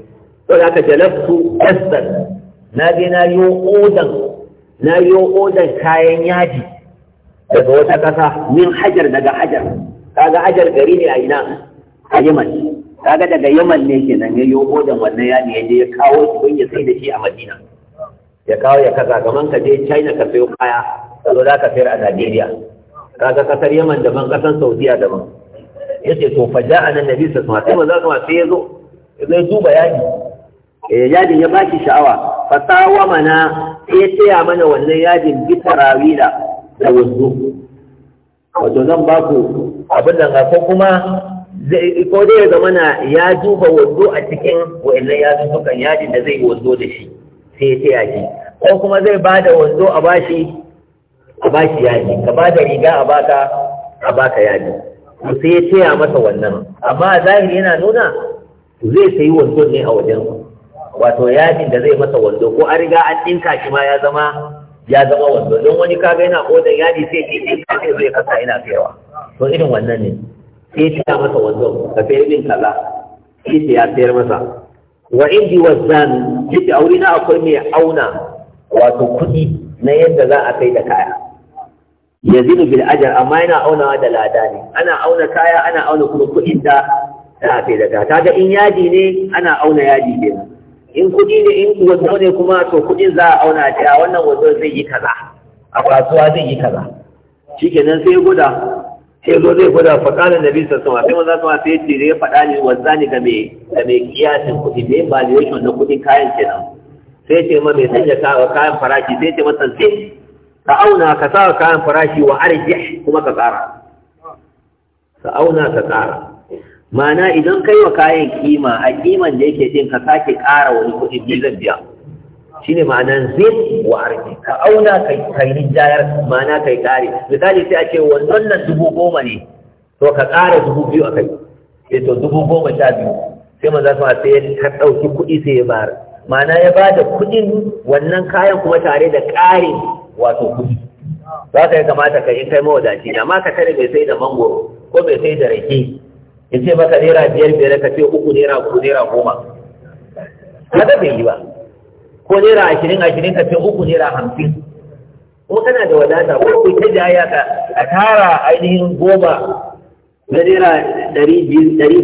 to da ka jalabtu banzan na je na yi odan na yi odan kayan yaji daga wata kasa min hajar daga hajar kaga ajar gari ne a ina a yaman kaga daga yaman ne ke nan ya yi da wannan yani ya je ya kawo kun ya sai da shi a madina ya kawo ya kaza kaman ka je china ka sayo kaya ka zo za ka sayar a najeriya kaga kasar yaman daban kasar saudiya daban ya ce to faja a nan nabi sassama sai maza kuma sai ya zo ya zo ya duba yaji eh, yajin ya baki sha'awa Fasawa mana sai ya taya mana wannan yajin bi tarawila da wasu wato zan ba ku abin da ko kuma ko dai ya zama na ya duba wando a cikin wa'annan yatsun sukan yajin da zai yi wando da shi sai ya taya shi ko kuma zai ba da wando a bashi a bashi yaji ka ba da riga a baka a baka yaji to sai ya taya masa wannan amma a zahiri yana nuna zai sayi wando ne a wajen wato yajin da zai masa wando ko an riga an ɗinka shi ma ya zama ya zama wanzu don wani kaga yana odan yadi sai ce in ka ce zai kasa ina kaiwa to irin wannan ne sai ta masa wanzu ka sayar min kaza sai ta ya sayar masa wa indi wazan a aure na akwai mai auna wato kuɗi na yadda za a kai da kaya zinu bil ajar amma yana aunawa da lada ne ana auna kaya ana auna kuma kuɗin da za a kai da kaya kaga in yadi ne ana auna yadi kenan in kuɗi ne in wazo ne kuma to kuɗin za a auna ta wannan wazo zai yi kaza a kasuwa zai yi kaza shikenan sai guda sai zo zai guda da nabi sassama sai maza sama sai ce ya faɗa ne wanda ne ga mai kiyasin kuɗi da yin valuation na kuɗin kayan kenan sai ce ma mai sanya kayan farashi sai ce masa sai ka auna ka sa kayan farashi wa arziki kuma ka tsara ka auna ka tsara ma'ana idan kai wa kayan kima a kiman da yake din ka sake ƙara wani kuɗi bi zan biya ne ma'ana zin wa arji ka auna kai kai rinjayar ma'ana kai ƙare misali sai a ce wannan nan dubu goma ne to ka ƙara dubu biyu a kai sai eh, to dubu goma sha biyu sai maza su sai ka ɗauki kuɗi sai ya bayar ma'ana ya ba da kuɗin wannan kayan kuma tare da ƙarin wato kuɗi za ka yi kamata ka yi kai mawadaci Amma ka tare mai sai da mangoro ko mai sai da rake ya ce maka naira biyar biyar ka ce uku naira uku naira goma kaga bai yi ba ko naira ashirin ashirin ka ce uku naira hamsin ko kana da wadata ko kai ta jaya ka a tara ainihin goma na naira ɗari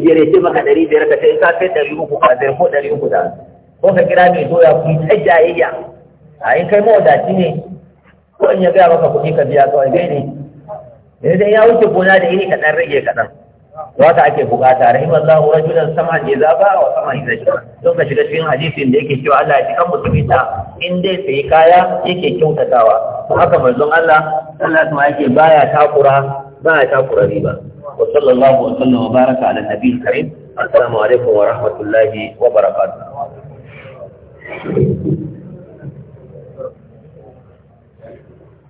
biyar ya ce maka ɗari biyar ka ce in ka kai ɗari uku ka zai ko ɗari uku da ko ka kira mai doya ku yi ta jayayya a in kai mawadaci ne ko in ya gaya maka kuɗi ka biya kawai gai ne yanzu ya wuce gona da iri kaɗan rage kaɗan Da wata ake bukata rahimallahu rajulan sama ne za wa sama ne zai don ka shiga cikin hadisin da yake cewa Allah ya kan mutumin ta in dai sai kaya yake kyautatawa to haka manzon Allah sallallahu alaihi yake baya takura baya takura riba wa sallallahu wa sallam wa baraka ala nabiyil karim assalamu alaikum wa rahmatullahi wa barakatuh